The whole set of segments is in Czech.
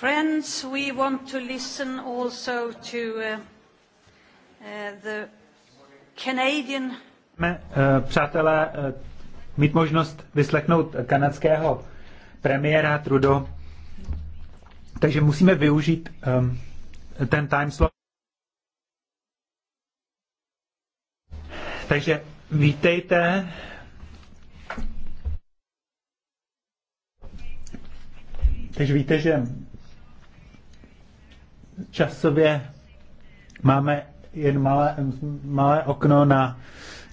Friends, we want to listen also to uh, uh, the Canadian... Eh, přátelé, eh, mít možnost vyslechnout kanadského premiéra Trudo, takže musíme využít um, ten time slot. Takže vítejte. Takže víte, že časově máme jen malé, malé okno na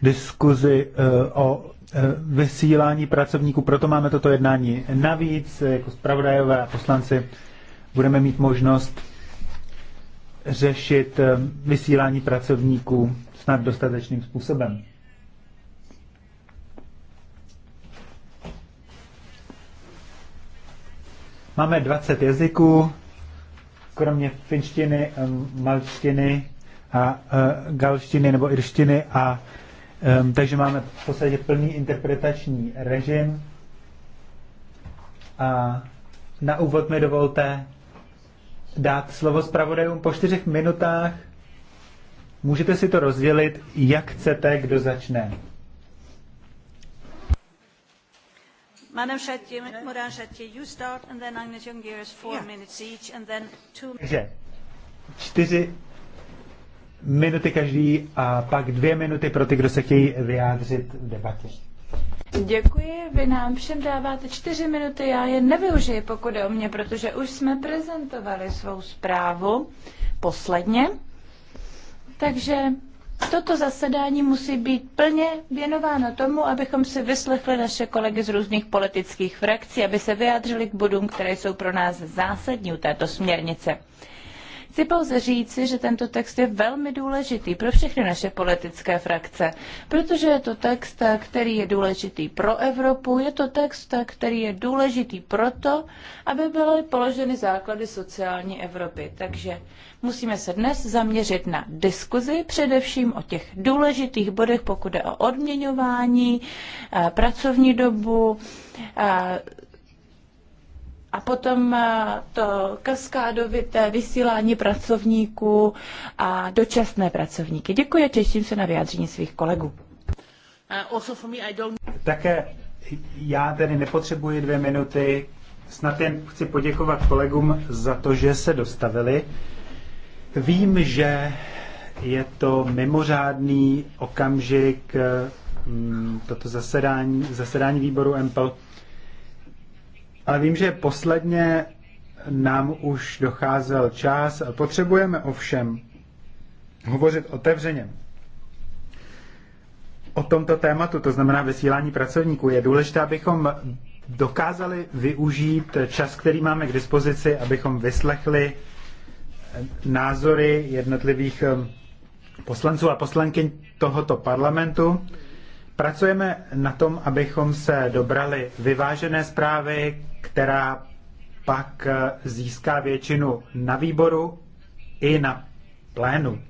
diskuzi eh, o eh, vysílání pracovníků, proto máme toto jednání. Navíc, jako zpravodajové a poslanci, budeme mít možnost řešit eh, vysílání pracovníků snad dostatečným způsobem. Máme 20 jazyků, kromě finštiny, malštiny a e, galštiny nebo irštiny a takže máme v podstatě plný interpretační režim. A na úvod mi dovolte dát slovo zpravodajům po čtyřech minutách. Můžete si to rozdělit, jak chcete, kdo začne. Madam Shetty, Moran Shetty, you start, and then Agnes Jungerius, four yeah. minutes each, and then two Takže čtyři minuty každý a pak dvě minuty pro ty, kdo se chtějí vyjádřit v debatě. Děkuji, vy nám všem dáváte čtyři minuty, já je nevyužiji, pokud je o mě, protože už jsme prezentovali svou zprávu posledně. Takže Toto zasedání musí být plně věnováno tomu, abychom si vyslechli naše kolegy z různých politických frakcí, aby se vyjádřili k bodům, které jsou pro nás zásadní u této směrnice. Chci pouze říci, že tento text je velmi důležitý pro všechny naše politické frakce, protože je to text, který je důležitý pro Evropu, je to text, který je důležitý proto, aby byly položeny základy sociální Evropy. Takže musíme se dnes zaměřit na diskuzi, především o těch důležitých bodech, pokud je o odměňování, pracovní dobu, a potom eh, to kaskádovité vysílání pracovníků a dočasné pracovníky. Děkuji a těším se na vyjádření svých kolegů. Uh, Také já tedy nepotřebuji dvě minuty. Snad jen chci poděkovat kolegům za to, že se dostavili. Vím, že je to mimořádný okamžik mm, toto zasedání, zasedání výboru MPL ale vím, že posledně nám už docházel čas. Potřebujeme ovšem hovořit otevřeně o tomto tématu, to znamená vysílání pracovníků. Je důležité, abychom dokázali využít čas, který máme k dispozici, abychom vyslechli názory jednotlivých eh, poslanců a poslanky tohoto parlamentu. Pracujeme na tom, abychom se dobrali vyvážené zprávy, která pak eh, získá většinu na výboru i na plénu.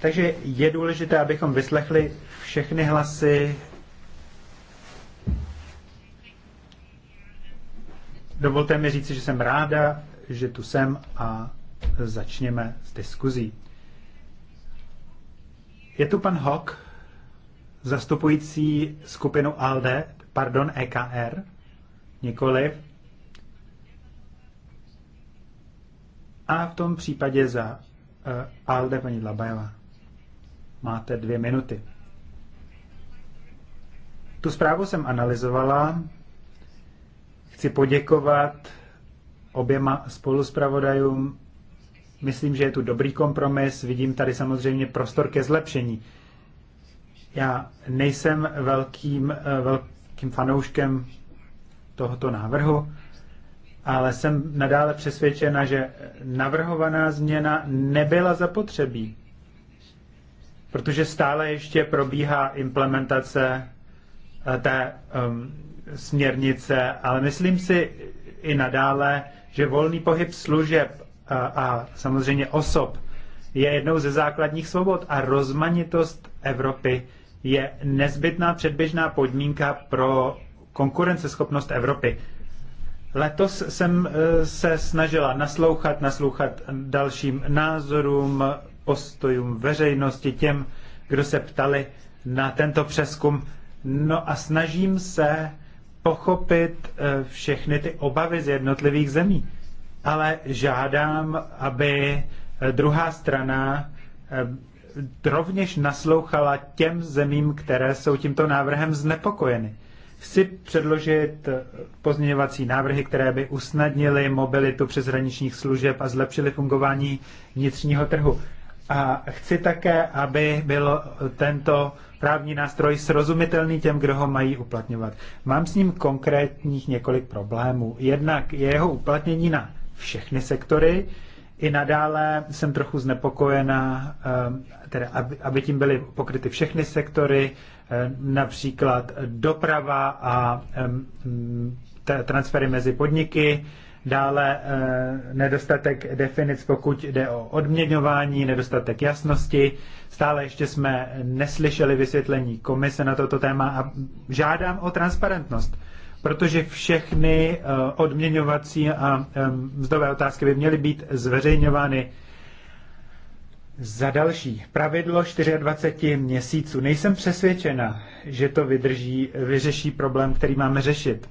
Takže je důležité, abychom vyslechli všechny hlasy. Dovolte mi říci, že jsem ráda, že tu jsem a začněme s diskuzí. Je tu pan Hock, zastupující skupinu ALDE, pardon, EKR. Nikoli. A v tom případě za uh, Alde paní Labajová. Máte dvě minuty. Tu zprávu jsem analyzovala. Chci poděkovat oběma spoluspravodajům. Myslím, že je tu dobrý kompromis. Vidím tady samozřejmě prostor ke zlepšení. Já nejsem velkým, eh, velkým fanouškem tohoto návrhu, ale jsem nadále přesvědčena, že navrhovaná změna nebyla zapotřebí, protože stále ještě probíhá implementace eh, té um, směrnice, ale myslím si i nadále, že volný pohyb služeb a, eh, a samozřejmě osob je jednou ze základních svobod a rozmanitost Evropy je nezbytná předběžná podmínka pro konkurenceschopnost Evropy. Letos jsem eh, se snažila naslouchat, naslouchat dalším názorům, postojům veřejnosti, těm, kdo se ptali na tento přeskum. No a snažím se pochopit eh, všechny ty obavy z jednotlivých zemí. Ale žádám, aby eh, druhá strana rovněž naslouchala těm zemím, které jsou tímto návrhem znepokojeny chci předložit pozměňovací návrhy, které by usnadnily mobilitu přeshraničních služeb a zlepšily fungování vnitřního trhu. A chci také, aby byl tento právní nástroj srozumitelný těm, kdo ho mají uplatňovat. Mám s ním konkrétních několik problémů. Jednak je jeho uplatnění na všechny sektory. I nadále jsem trochu znepokojená, eh, teda aby, aby tím byly pokryty všechny sektory, Eh, například doprava a transfery mezi podniky, dále eh, nedostatek definic, pokud jde o odměňování, nedostatek jasnosti. Stále ještě jsme neslyšeli vysvětlení komise na toto téma a žádám o transparentnost, protože všechny eh, odměňovací a mzdové otázky by měly být zveřejňovány za další, pravidlo 24 měsíců. Nejsem přesvědčena, že to vydrží, vyřeší problém, který máme řešit.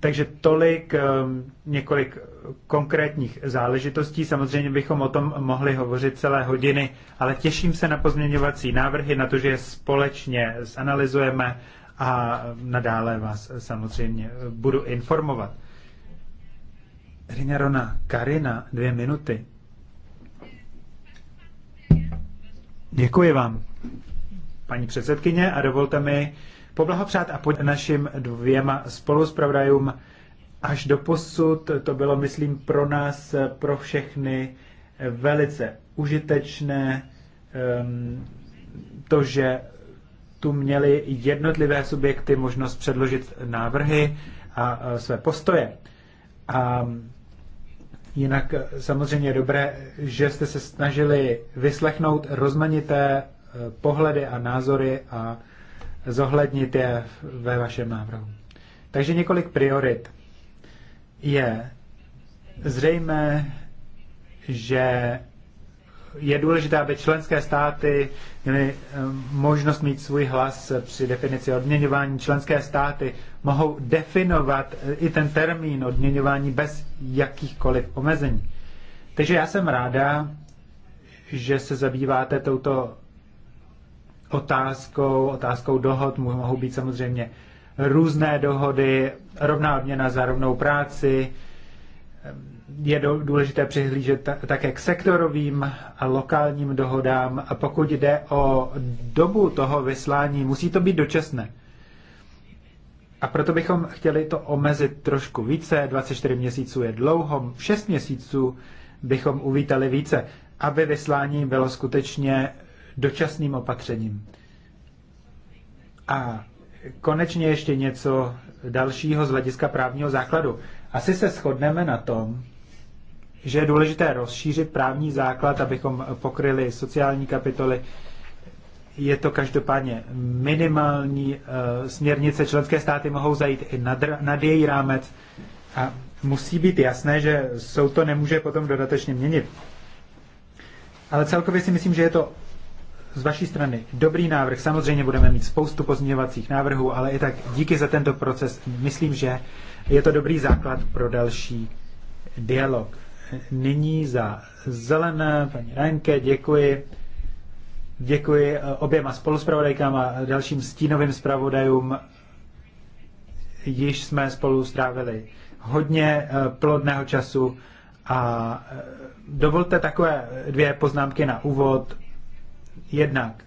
Takže tolik ehm, několik konkrétních záležitostí. Samozřejmě bychom o tom mohli hovořit celé hodiny, ale těším se na pozměňovací návrhy, na to, že je společně zanalizujeme a nadále vás samozřejmě eh, budu informovat. Rinarona Karina, dvě minuty. Děkuji vám, paní předsedkyně, a dovolte mi poblahopřát a pod našim dvěma spoluzpravodajům. Až do posud to bylo, myslím, pro nás, pro všechny velice užitečné ehm, to, že tu měli jednotlivé subjekty možnost předložit návrhy a e, své postoje. A Jinak eh, samozřejmě dobré, že jste se snažili vyslechnout rozmanité eh, pohledy a názory a zohlednit je ve vašem návrhu. Takže několik priorit. Je zřejmé, že je důležité, aby členské státy měly eh, možnost mít svůj hlas eh, při definici odměňování. Členské státy mohou definovat eh, i ten termín odměňování bez jakýchkoliv omezení. Takže já jsem ráda, že se zabýváte touto otázkou, otázkou dohod. Mohou být samozřejmě různé dohody, rovná odměna za rovnou práci, je důležité přihlížet také k sektorovým a lokálním dohodám. A pokud jde o dobu toho vyslání, musí to být dočasné. A proto bychom chtěli to omezit trošku více. 24 měsíců je dlouho, 6 měsíců bychom uvítali více, aby vyslání bylo skutečně dočasným opatřením. A konečně ještě něco dalšího z hlediska právního základu. Asi se shodneme na tom, že je důležité rozšířit právní základ, abychom pokryli sociální kapitoly. Je to každopádně minimální eh, směrnice. Členské státy mohou zajít i nad, nad její rámec a musí být jasné, že jsou to nemůže potom dodatečně měnit. Ale celkově si myslím, že je to z vaší strany dobrý návrh. Samozřejmě budeme mít spoustu pozměňovacích návrhů, ale i tak díky za tento proces myslím, že je to dobrý základ pro další dialog nyní za zelené, paní Renke, děkuji. Děkuji eh, oběma spoluspravodajkám a dalším stínovým zpravodajům. Již jsme spolu strávili hodně eh, plodného času a eh, dovolte takové dvě poznámky na úvod. Jednak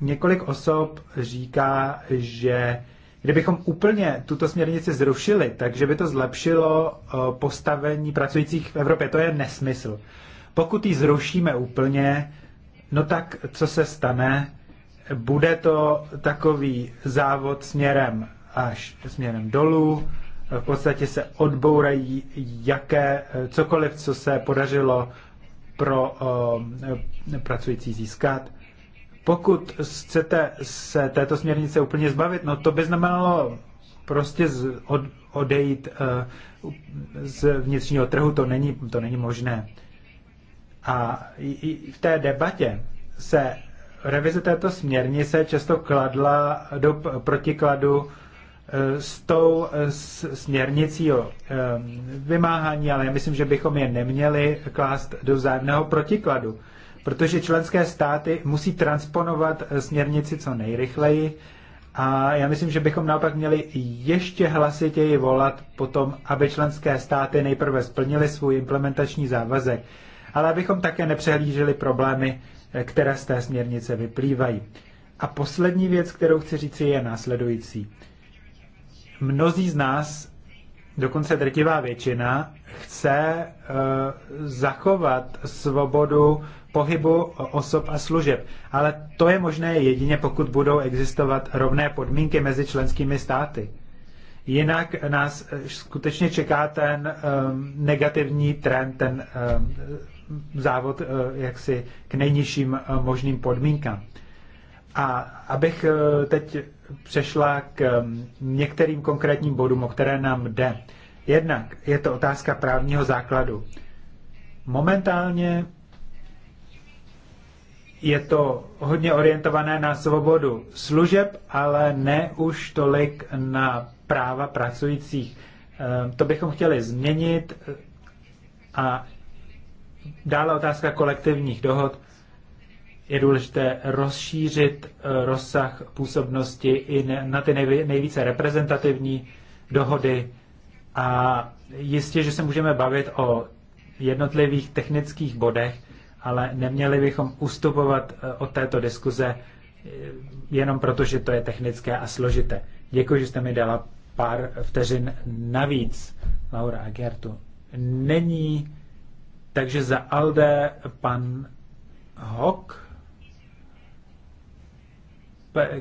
několik osob říká, že Kdybychom úplně tuto směrnici zrušili, takže by to zlepšilo eh, postavení pracujících v Evropě. To je nesmysl. Pokud ji zrušíme úplně, no tak co se stane? Bude to takový závod směrem až směrem dolů. V podstatě se odbourají jaké, eh, cokoliv, co se podařilo pro eh, pracující získat. Pokud chcete se této směrnice úplně zbavit, no to by znamenalo prostě z, od, odejít uh, z vnitřního trhu, to není, to není možné. A i v té debatě se revize této směrnice často kladla do protikladu eh, s tou eh, směrnicí o vymáhání, ale já myslím, že bychom je neměli klást do vzájemného protikladu protože členské státy musí transponovat eh, směrnici co nejrychleji a já myslím, že bychom naopak měli ještě hlasitěji volat potom, aby členské státy nejprve splnily svůj implementační závazek, ale abychom také nepřehlíželi problémy, eh, které z té směrnice vyplývají. A poslední věc, kterou chci říci, je následující. Mnozí z nás, dokonce drtivá většina, chce uh, zachovat svobodu pohybu osob a služeb. Ale to je možné jedině, pokud budou existovat rovné podmínky mezi členskými státy. Jinak nás eh, skutečně čeká ten um, negativní trend, ten um, závod uh, jaksi k nejnižším uh, možným podmínkám. A abych uh, teď přešla k um, některým konkrétním bodům, o které nám jde. Jednak je to otázka právního základu. Momentálně je to hodně orientované na svobodu služeb, ale ne už tolik na práva pracujících. Ehm, to bychom chtěli změnit a dále otázka kolektivních dohod. Je důležité rozšířit eh, rozsah působnosti i na ty nejvíce reprezentativní dohody a jistě, že se můžeme bavit o jednotlivých technických bodech, ale neměli bychom ustupovat eh, od této diskuze eh, jenom proto, že to je technické a složité. Děkuji, že jste mi dala pár vteřin navíc, Laura a Gertu. Není, takže za Alde pan Hock,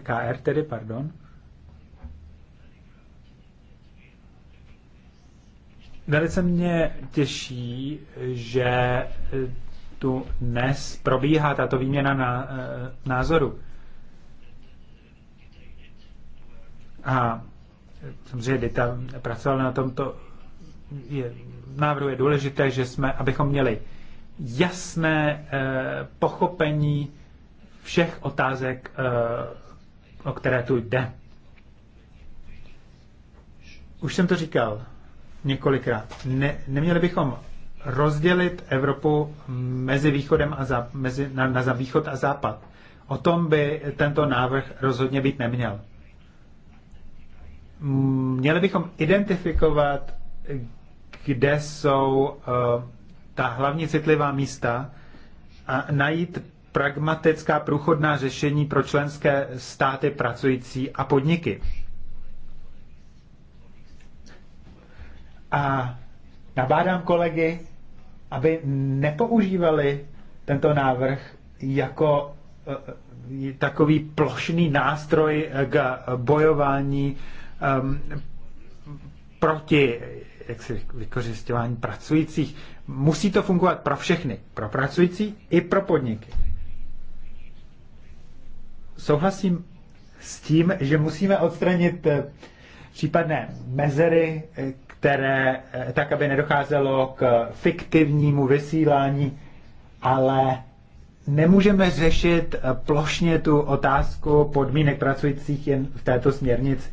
KR tedy, pardon. Velice mě těší, že eh, tu dnes probíhá tato výměna na, eh, názoru. A samozřejmě Dita pracoval na tomto je, návrhu. Je důležité, že jsme, abychom měli jasné e, pochopení všech otázek, e, o které tu jde. Už jsem to říkal několikrát. Ne, neměli bychom rozdělit Evropu mezi východem a za, mezi, na, na, na východ a západ. O tom by tento návrh rozhodně být neměl. Měli bychom identifikovat, kde jsou uh, ta hlavní citlivá místa a najít pragmatická průchodná řešení pro členské státy pracující a podniky. A nabádám kolegy, aby nepoužívali tento návrh jako eh, eh, takový plošný nástroj k bojování um, proti jak si, vykořišťování pracujících. Musí to fungovat pro všechny, pro pracující i pro podniky. Souhlasím s tím, že musíme odstranit eh, případné mezery, které, eh, tak aby nedocházelo k fiktivnímu vysílání, ale nemůžeme řešit eh, plošně tu otázku podmínek pracujících jen v této směrnici.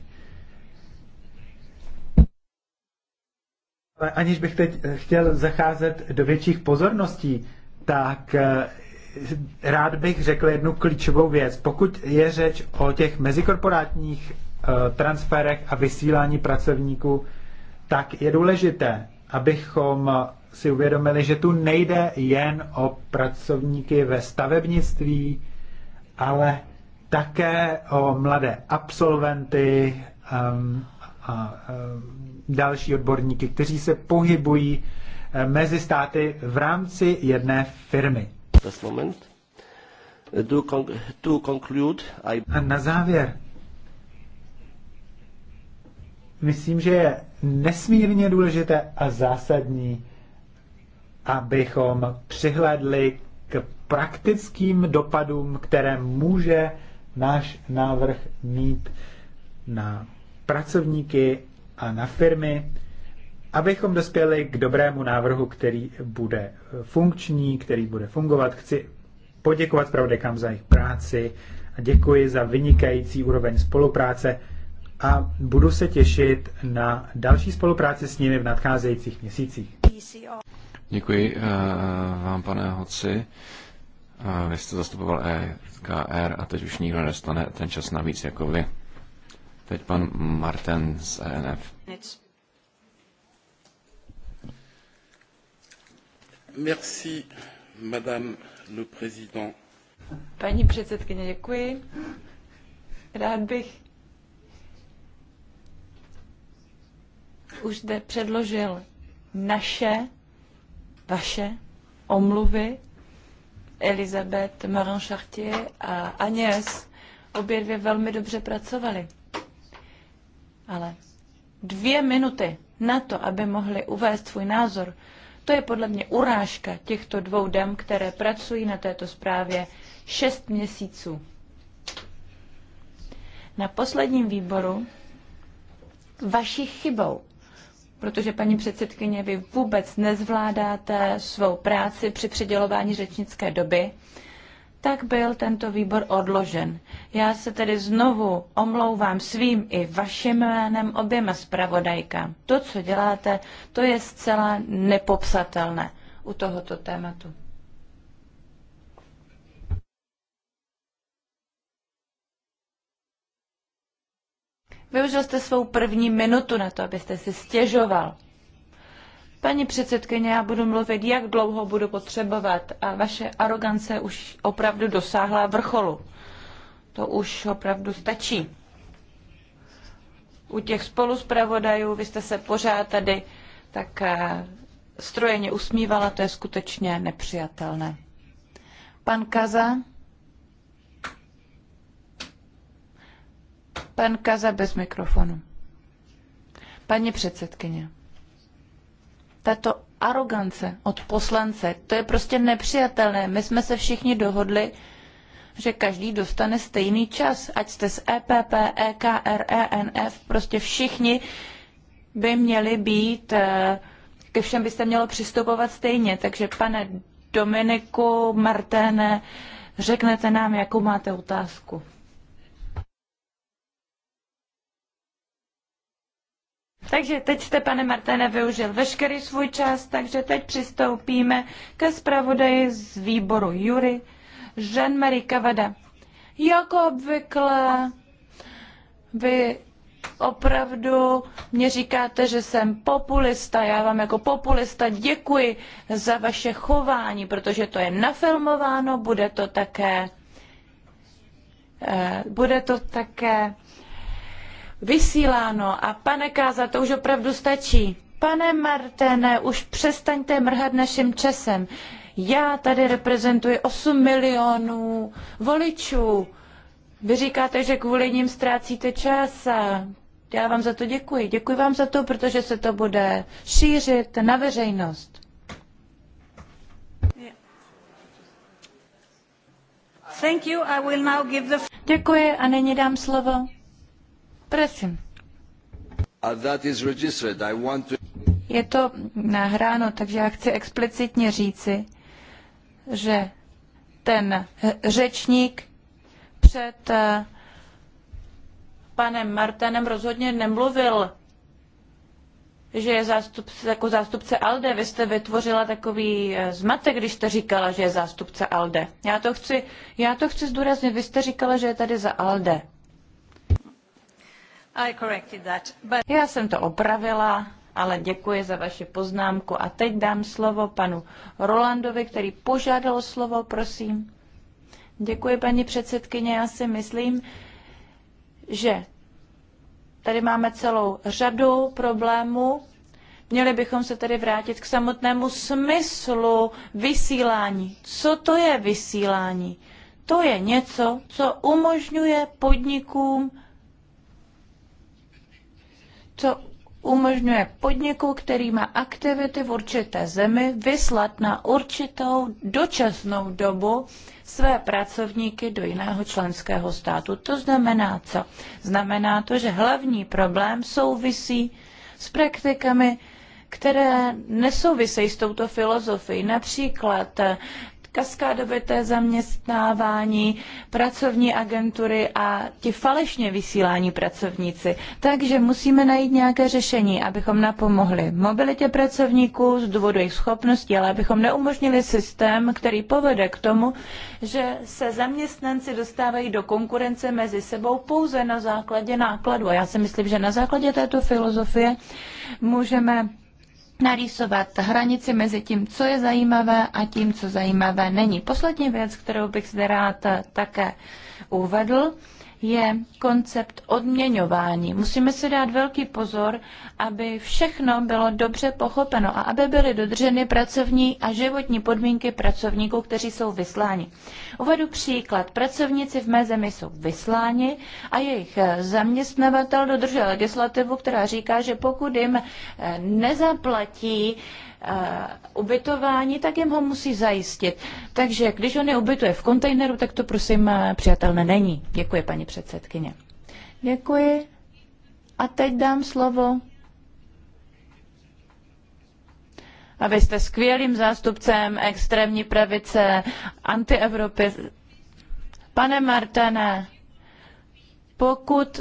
Ale aniž bych teď eh, chtěl zacházet do větších pozorností, tak rád bych řekl jednu klíčovou věc. Pokud je řeč o těch mezikorporátních transferech a vysílání pracovníků, tak je důležité, abychom si uvědomili, že tu nejde jen o pracovníky ve stavebnictví, ale také o mladé absolventy um, a um, další odborníky, kteří se pohybují eh, mezi státy v rámci jedné firmy. Moment. To conclude, I... A na závěr myslím, že je nesmírně důležité a zásadní, abychom přihledli k praktickým dopadům, které může náš návrh mít na pracovníky a na firmy, abychom dospěli k dobrému návrhu, který bude funkční, který bude fungovat. Chci poděkovat pravdekám za jejich práci a děkuji za vynikající úroveň spolupráce a budu se těšit na další spolupráci s nimi v nadcházejících měsících. Děkuji eh, vám, pane Hoci. Eh, vy jste zastupoval EKR a teď už nikdo nestane ten čas navíc jako vy. Teď pan Martin z ENF. Merci, madame le président. Paní předsedkyně, děkuji. Rád bych už zde předložil naše, vaše omluvy Elizabeth Maron Chartier a Agnès. Obě dvě velmi dobře pracovali. Ale dvě minuty na to, aby mohli uvést svůj názor, to je podle mě urážka těchto dvou dam, které pracují na této zprávě šest měsíců. Na posledním výboru vaší chybou protože paní předsedkyně, vy vůbec nezvládáte svou práci při předělování řečnické doby, tak byl tento výbor odložen. Já se tedy znovu omlouvám svým i vašim jménem oběma zpravodajkám. To, co děláte, to je zcela nepopsatelné u tohoto tématu. Využil jste svou první minutu na to, abyste si stěžoval. Paní předsedkyně, já budu mluvit, jak dlouho budu potřebovat a vaše arogance už opravdu dosáhla vrcholu. To už opravdu stačí. U těch spoluzpravodajů vy jste se pořád tady tak eh, strojeně usmívala, to je skutečně nepřijatelné. Pan Kaza. Pan Kaza bez mikrofonu. Paní předsedkyně, tato arogance od poslance, to je prostě nepřijatelné. My jsme se všichni dohodli, že každý dostane stejný čas, ať jste z EPP, EKR, ENF, prostě všichni by měli být, eh, ke všem byste mělo přistupovat stejně. Takže pane Dominiku, Marténe, řeknete nám, jakou máte otázku. Takže teď jste, pane Martene, využil veškerý svůj čas, takže teď přistoupíme ke zpravodaji z výboru Jury, Jean-Marie Kavada. Jako obvykle, vy opravdu mě říkáte, že jsem populista. Já vám jako populista děkuji za vaše chování, protože to je nafilmováno, bude to také eh, bude to také vysíláno. A pane Káza, to už opravdu stačí. Pane Martene, už přestaňte mrhat naším časem. Já tady reprezentuji 8 milionů voličů. Vy říkáte, že kvůli nim ztrácíte čas. Já vám za to děkuji. Děkuji vám za to, protože se to bude šířit na veřejnost. Děkuji a nyní dám slovo Prosím. Uh, je to nahráno, takže já chci explicitně říci, že ten eh, řečník před eh, panem Martenem rozhodně nemluvil, že je zástupce, jako zástupce ALDE. Vy jste vytvořila takový eh, zmatek, když jste říkala, že je zástupce ALDE. Já to chci, já to chci zdůraznit. Vy jste říkala, že je tady za ALDE. Já jsem to opravila, ale děkuji za vaši poznámku. A teď dám slovo panu Rolandovi, který požádal slovo, prosím. Děkuji, paní předsedkyně. Já si myslím, že tady máme celou řadu problémů. Měli bychom se tedy vrátit k samotnému smyslu vysílání. Co to je vysílání? To je něco, co umožňuje podnikům co umožňuje podniku, který má aktivity v určité zemi, vyslat na určitou dočasnou dobu své pracovníky do jiného členského státu. To znamená co? Znamená to, že hlavní problém souvisí s praktikami, které nesouvisejí s touto filozofií. Například kaskádovité zaměstnávání, pracovní agentury a ti falešně vysílání pracovníci. Takže musíme najít nějaké řešení, abychom napomohli mobilitě pracovníků z důvodu jejich schopností, ale abychom neumožnili systém, který povede k tomu, že se zaměstnanci dostávají do konkurence mezi sebou pouze na základě nákladu. A já si myslím, že na základě této filozofie můžeme narýsovat hranici mezi tím, co je zajímavé a tím, co zajímavé není. Poslední věc, kterou bych zde rád také uvedl, je koncept odměňování. Musíme si dát velký pozor, aby všechno bylo dobře pochopeno a aby byly dodrženy pracovní a životní podmínky pracovníků, kteří jsou vysláni. Uvedu příklad. Pracovníci v mé zemi jsou vysláni a jejich eh, zaměstnavatel dodržuje legislativu, která říká, že pokud jim eh, nezaplatí Eh, ubytování, tak jim ho musí zajistit. Takže když on je ubytuje v kontejneru, tak to prosím eh, přijatelné není. Děkuji, paní předsedkyně. Děkuji. A teď dám slovo. A vy jste skvělým zástupcem extrémní pravice, antievropy. Pane Martane, pokud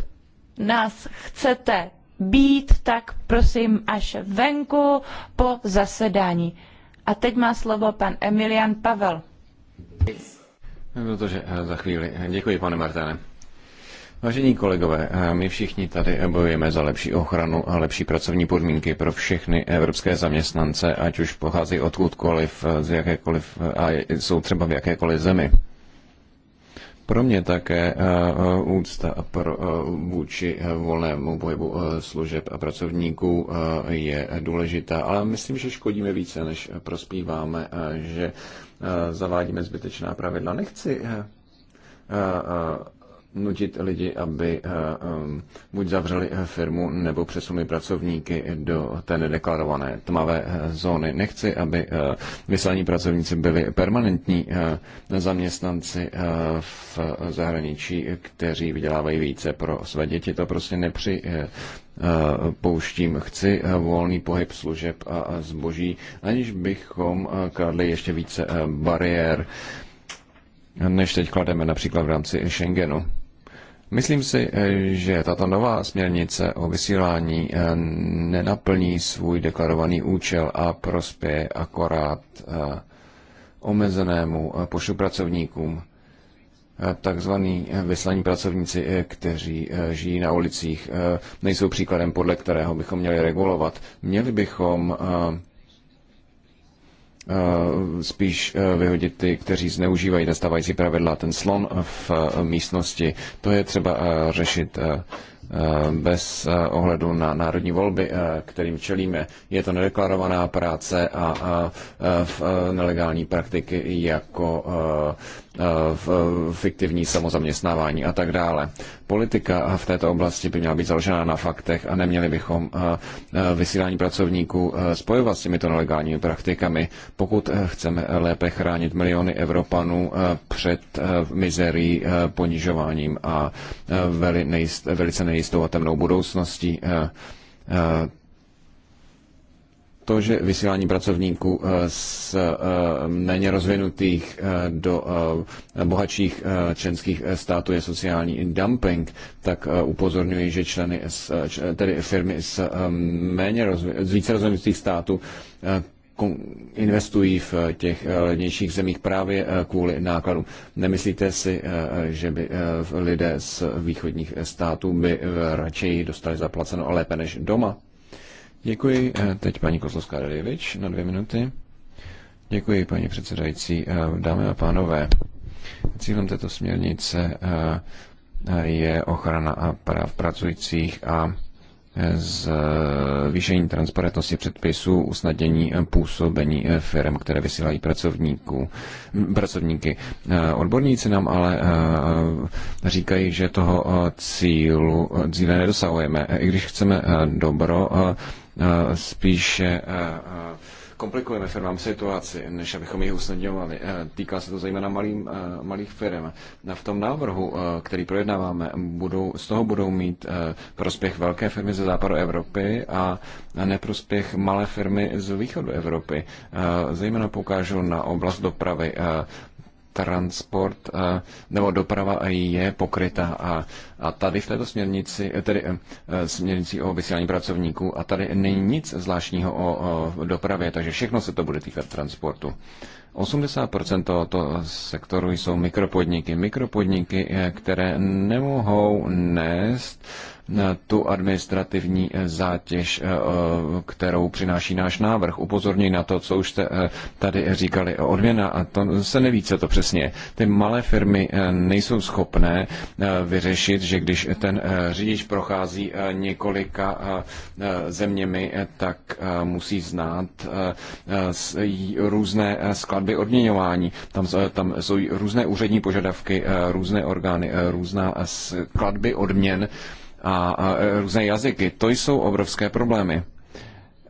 nás chcete být, tak prosím až venku po zasedání. A teď má slovo pan Emilian Pavel. že eh, za chvíli. Děkuji, pane Martane. Vážení kolegové, eh, my všichni tady bojujeme za lepší ochranu a lepší pracovní podmínky pro všechny evropské zaměstnance, ať už pochází odkudkoliv, eh, z jakékoliv a jsou třeba v jakékoliv zemi. Pro mě také eh, eh, úcta pro, eh, vůči volnému pohybu služeb a pracovníků je důležitá, ale myslím, že škodíme více, než prospíváme, že zavádíme zbytečná pravidla. Nechci nutit lidi, aby eh, eh, buď zavřeli eh, firmu nebo přesunuli pracovníky do té nedeklarované tmavé zóny. Nechci, aby vyslaní pracovníci byli permanentní zaměstnanci v zahraničí, kteří vydělávají více pro své děti. To prostě nepři pouštím. Chci volný pohyb služeb a zboží, aniž bychom kladli ještě více bariér než teď klademe například v rámci Schengenu. Myslím si, eh, že tato nová směrnice o vysílání eh, nenaplní svůj deklarovaný účel a prospěje akorát eh, omezenému poštu pracovníkům, takzvaný vyslaní pracovníci, kteří žijí na ulicích, nejsou příkladem, podle kterého bychom měli regulovat. Měli bychom Eh, spíš eh, vyhodit ty, kteří zneužívají nastávající pravidla, ten slon v eh, místnosti. To je třeba řešit bez ohledu na národní volby, kterým čelíme. Je to nedeklarovaná práce a nelegální praktiky jako Eh, eh, fiktivní samozaměstnávání a tak dále. Politika v této oblasti by měla být založena na faktech a neměli bychom eh, vysílání pracovníků spojovat s těmito nelegálními praktikami, pokud chceme lépe chránit miliony Evropanů před mizerí, ponižováním a velice nejistou a temnou budoucností to, že vysílání pracovníků eh, z eh, méně rozvinutých eh, do bohatších členských států je sociální dumping, tak upozorňuji, že členy, z, tedy firmy z, méně rozvi, z více rozvinutých států investují v těch lednějších zemích právě kvůli nákladům. Nemyslíte si, že by lidé z východních států by radši dostali zaplaceno lépe než doma? Děkuji. Eh, teď paní Kozlovská Raděvič na dvě minuty. Děkuji, paní předsedající. Eh, dámy a pánové, cílem této směrnice eh, je ochrana a práv pracujících a zvýšení transparentnosti předpisů, usnadnění působení firm, které vysílají pracovníků, pracovníky. Odborníci nám ale říkají, že toho cílu cíle nedosahujeme. I když chceme dobro, Eh, spíše eh, eh, komplikujeme firmám situaci, než abychom ji usnadňovali. Týká se to zejména malým, malých firm. V tom návrhu, který projednáváme, budou, z toho budou mít prospěch velké firmy ze západu Evropy a neprospěch malé firmy z východu Evropy. Zejména poukážu na oblast dopravy transport eh, nebo doprava je pokryta a, a tady v této směrnici, eh, tedy eh, směrnici o vysílání pracovníků a tady není nic zvláštního o, o dopravě, takže všechno se to bude týkat transportu. 80% tohoto sektoru jsou mikropodniky. Mikropodniky, které nemohou nést tu administrativní eh, zátěž, eh, kterou přináší náš návrh. Upozorňuji na to, co už jste eh, tady říkali o odměna a to se neví, co to přesně. Ty malé firmy nejsou schopné vyřešit, že když ten řidič prochází několika zeměmi, tak musí znát různé skladby odměňování. Tam, tam jsou různé úřední požadavky, různé orgány, různá skladby odměn a e, různé jazyky. To jsou obrovské problémy.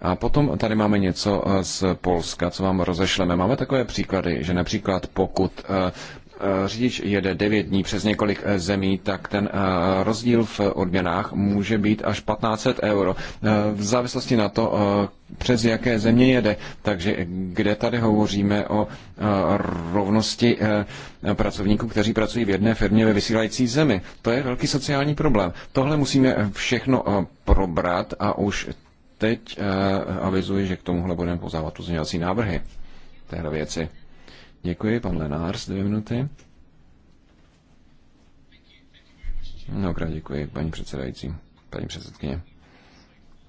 A potom tady máme něco e, z Polska, co vám rozešleme. Máme takové příklady, že například pokud e, Eh, řidič jede 9 dní přes několik eh, zemí, tak ten eh, rozdíl v odměnách může být až 1500 euro. V závislosti na to, přes jaké země jede. Takže kde tady hovoříme o rovnosti pracovníků, kteří pracují v jedné firmě ve vysílající zemi. To je velký sociální problém. Tohle musíme všechno probrat a už teď avizuji, že k tomuhle budeme pozávat pozměňovací návrhy téhle věci. Děkuji, pan Lenárs, dvě minuty. Mnohokrát děkuji, paní předsedající, paní předsedkyně.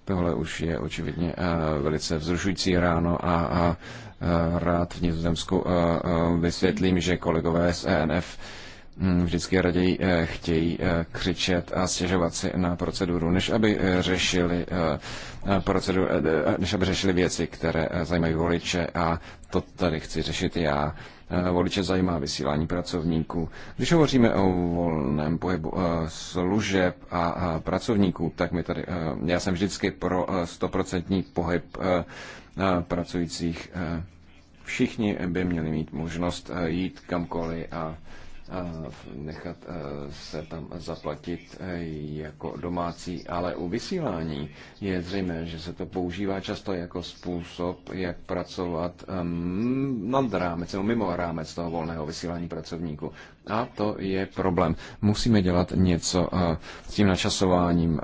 Tohle už je očividně eh, velice vzrušující ráno a, a eh, rád v Nizozemsku eh, vysvětlím, že kolegové z ENF Hm, vždycky raději eh, chtějí eh, křičet a stěžovat si na proceduru, než aby eh, řešili, proceduru, než aby řešili věci, které zajímají voliče a to tady chci řešit já. Voliče zajímá vysílání pracovníků. Když hovoříme o volném pohybu služeb a pracovníků, tak mi tady, já jsem vždycky pro stoprocentní pohyb pracujících všichni by měli mít možnost jít kamkoliv a nechat e, se tam zaplatit e, jako domácí, ale u vysílání je zřejmé, že se to používá často jako způsob, jak pracovat nad rámec nebo mimo rámec toho volného vysílání pracovníku A to je problém. Musíme dělat něco e, s tím načasováním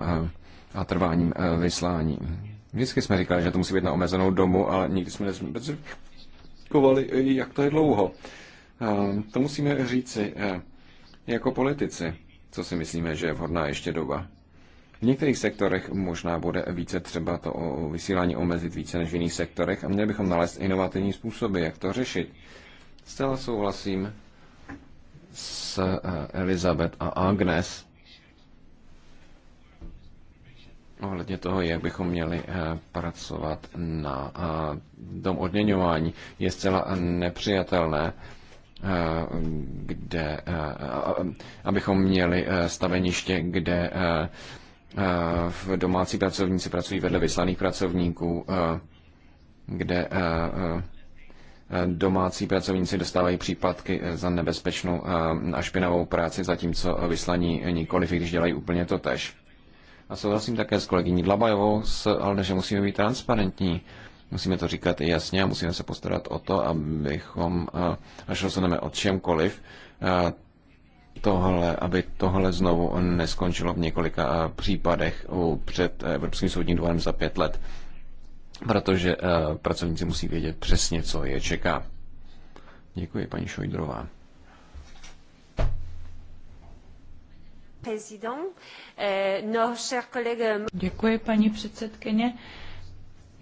a trváním vyslání. Vždycky jsme říkali, že to musí být na omezenou domu, ale nikdy jsme nespecifikovali, jak to je dlouho. Ehm, to musíme říci eh, jako politici, co si myslíme, že je vhodná ještě doba. V některých sektorech možná bude více třeba to o vysílání omezit více než v jiných sektorech a měli bychom nalézt inovativní způsoby, jak to řešit. Zcela souhlasím s eh, Elizabeth a Agnes ohledně toho, jak bychom měli eh, pracovat na tom odměňování. Je zcela nepřijatelné, Eh, kde, eh, abychom měli eh, staveniště, kde v domácí pracovníci pracují vedle vyslaných pracovníků, kde domácí pracovníci dostávají případky za nebezpečnou a špinavou práci, zatímco vyslaní nikoliv, když dělají úplně to tež. A souhlasím také s kolegyní Dlabajovou, ale že musíme být transparentní Musíme to říkat i jasně a musíme se postarat o to, abychom, až rozhodneme o čemkoliv, tohle, aby tohle znovu neskončilo v několika případech před Evropským soudním dvorem za pět let, protože pracovníci musí vědět přesně, co je čeká. Děkuji, paní Šojdrová. Eh, Děkuji, paní předsedkyně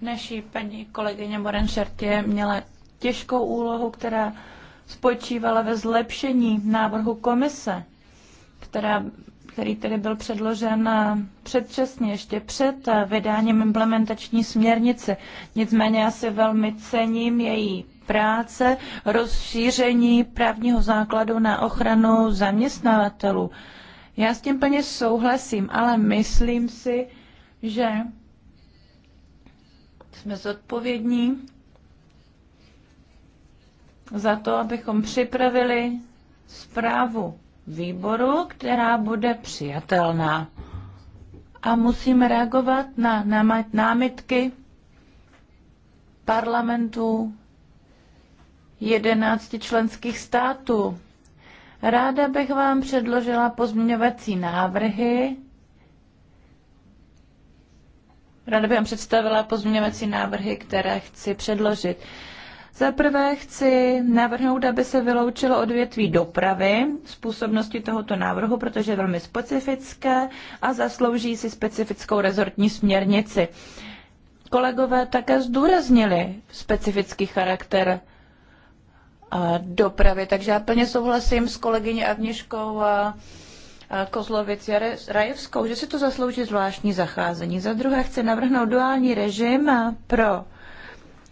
naší paní kolegyně Moren Šartě měla těžkou úlohu, která spočívala ve zlepšení návrhu komise, která, který tedy byl předložen eh, předčasně, ještě před eh, vydáním implementační směrnice. Nicméně já si velmi cením její práce, rozšíření právního základu na ochranu zaměstnavatelů. Já s tím plně souhlasím, ale myslím si, že jsme zodpovědní za to, abychom připravili zprávu výboru, která bude přijatelná. A musíme reagovat na námitky parlamentů 11 členských států. Ráda bych vám předložila pozměňovací návrhy, Ráda bych vám představila pozměňovací návrhy, které chci předložit. Za prvé chci navrhnout, aby se vyloučilo odvětví dopravy z působnosti tohoto návrhu, protože je velmi specifické a zaslouží si specifickou rezortní směrnici. Kolegové také zdůraznili specifický charakter eh, dopravy, takže já plně souhlasím s kolegyní Avniškou Kozlovic Rajevskou, že si to zaslouží zvláštní zacházení. Za druhé chci navrhnout duální režim pro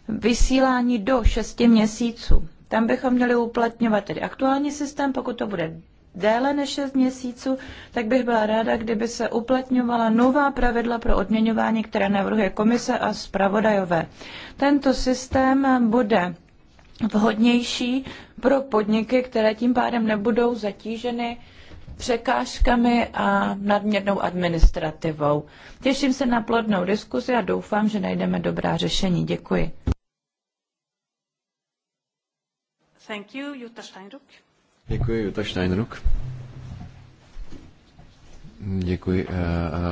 vysílání do 6 měsíců. Tam bychom měli uplatňovat tedy aktuální systém, pokud to bude déle než 6 měsíců, tak bych byla ráda, kdyby se uplatňovala nová pravidla pro odměňování, které navrhuje komise a zpravodajové. Tento systém bude vhodnější pro podniky, které tím pádem nebudou zatíženy překážkami a nadměrnou administrativou. Těším se na plodnou diskuzi a doufám, že najdeme dobrá řešení. Děkuji. Thank you, Jutta Steinruck. Děkuji, Jutta Steinruck. Děkuji eh,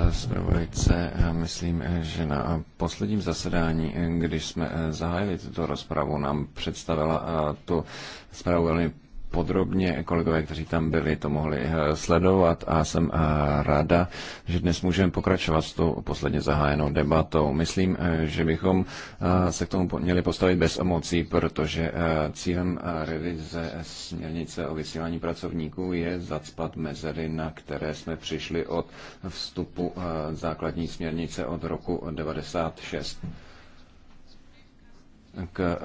eh, zpravodajce. Eh, myslím, že na posledním zasedání, když jsme zahájili tuto rozpravu, nám představila tu zprávu velmi podrobně. Kolegové, kteří tam byli, to mohli eh, sledovat a jsem eh, ráda, že dnes můžeme pokračovat s tou posledně zahájenou debatou. Myslím, eh, že bychom se k tomu měli postavit bez emocí, protože cílem revize směrnice o vysílání pracovníků je zacpat mezery, na které jsme přišli od vstupu základní směrnice od roku 96 k eh,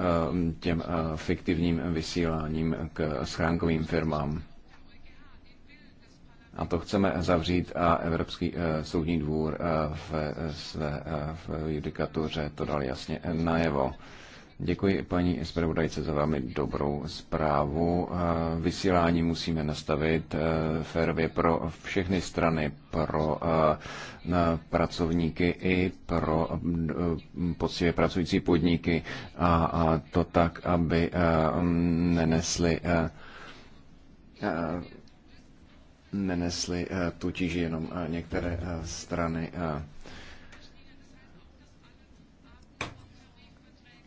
těm eh, fiktivním vysíláním, k schránkovým firmám. A to chceme zavřít a Evropský eh, soudní dvůr v své v judikatuře to dal jasně najevo. Děkuji paní zpravodajce za velmi dobrou zprávu. Eh, vysílání musíme nastavit eh, férově pro všechny strany, pro eh, pracovníky i pro poctivě pracující podniky a to tak, aby nenesli nenesli tutíž jenom některé strany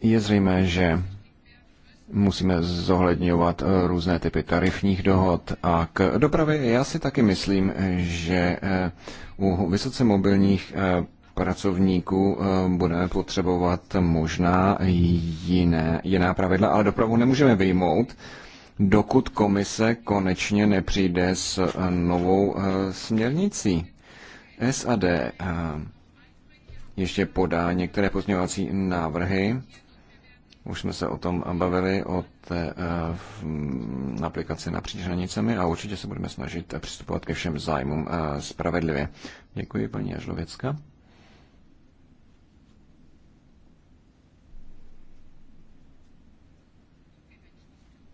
Je zřejmé, že musíme zohledňovat eh, různé typy tarifních dohod. A k dopravě já si taky myslím, že eh, u vysoce mobilních eh, pracovníků budeme potřebovat možná jiné, jiná pravidla, ale dopravu nemůžeme vyjmout, dokud komise konečně nepřijde s novou směrnicí. SAD ještě podá některé pozměňovací návrhy, už jsme se o tom bavili, o té uh, aplikaci napříč hranicemi a určitě se budeme snažit přistupovat ke všem zájmům uh, spravedlivě. Děkuji, paní Jažlověcka.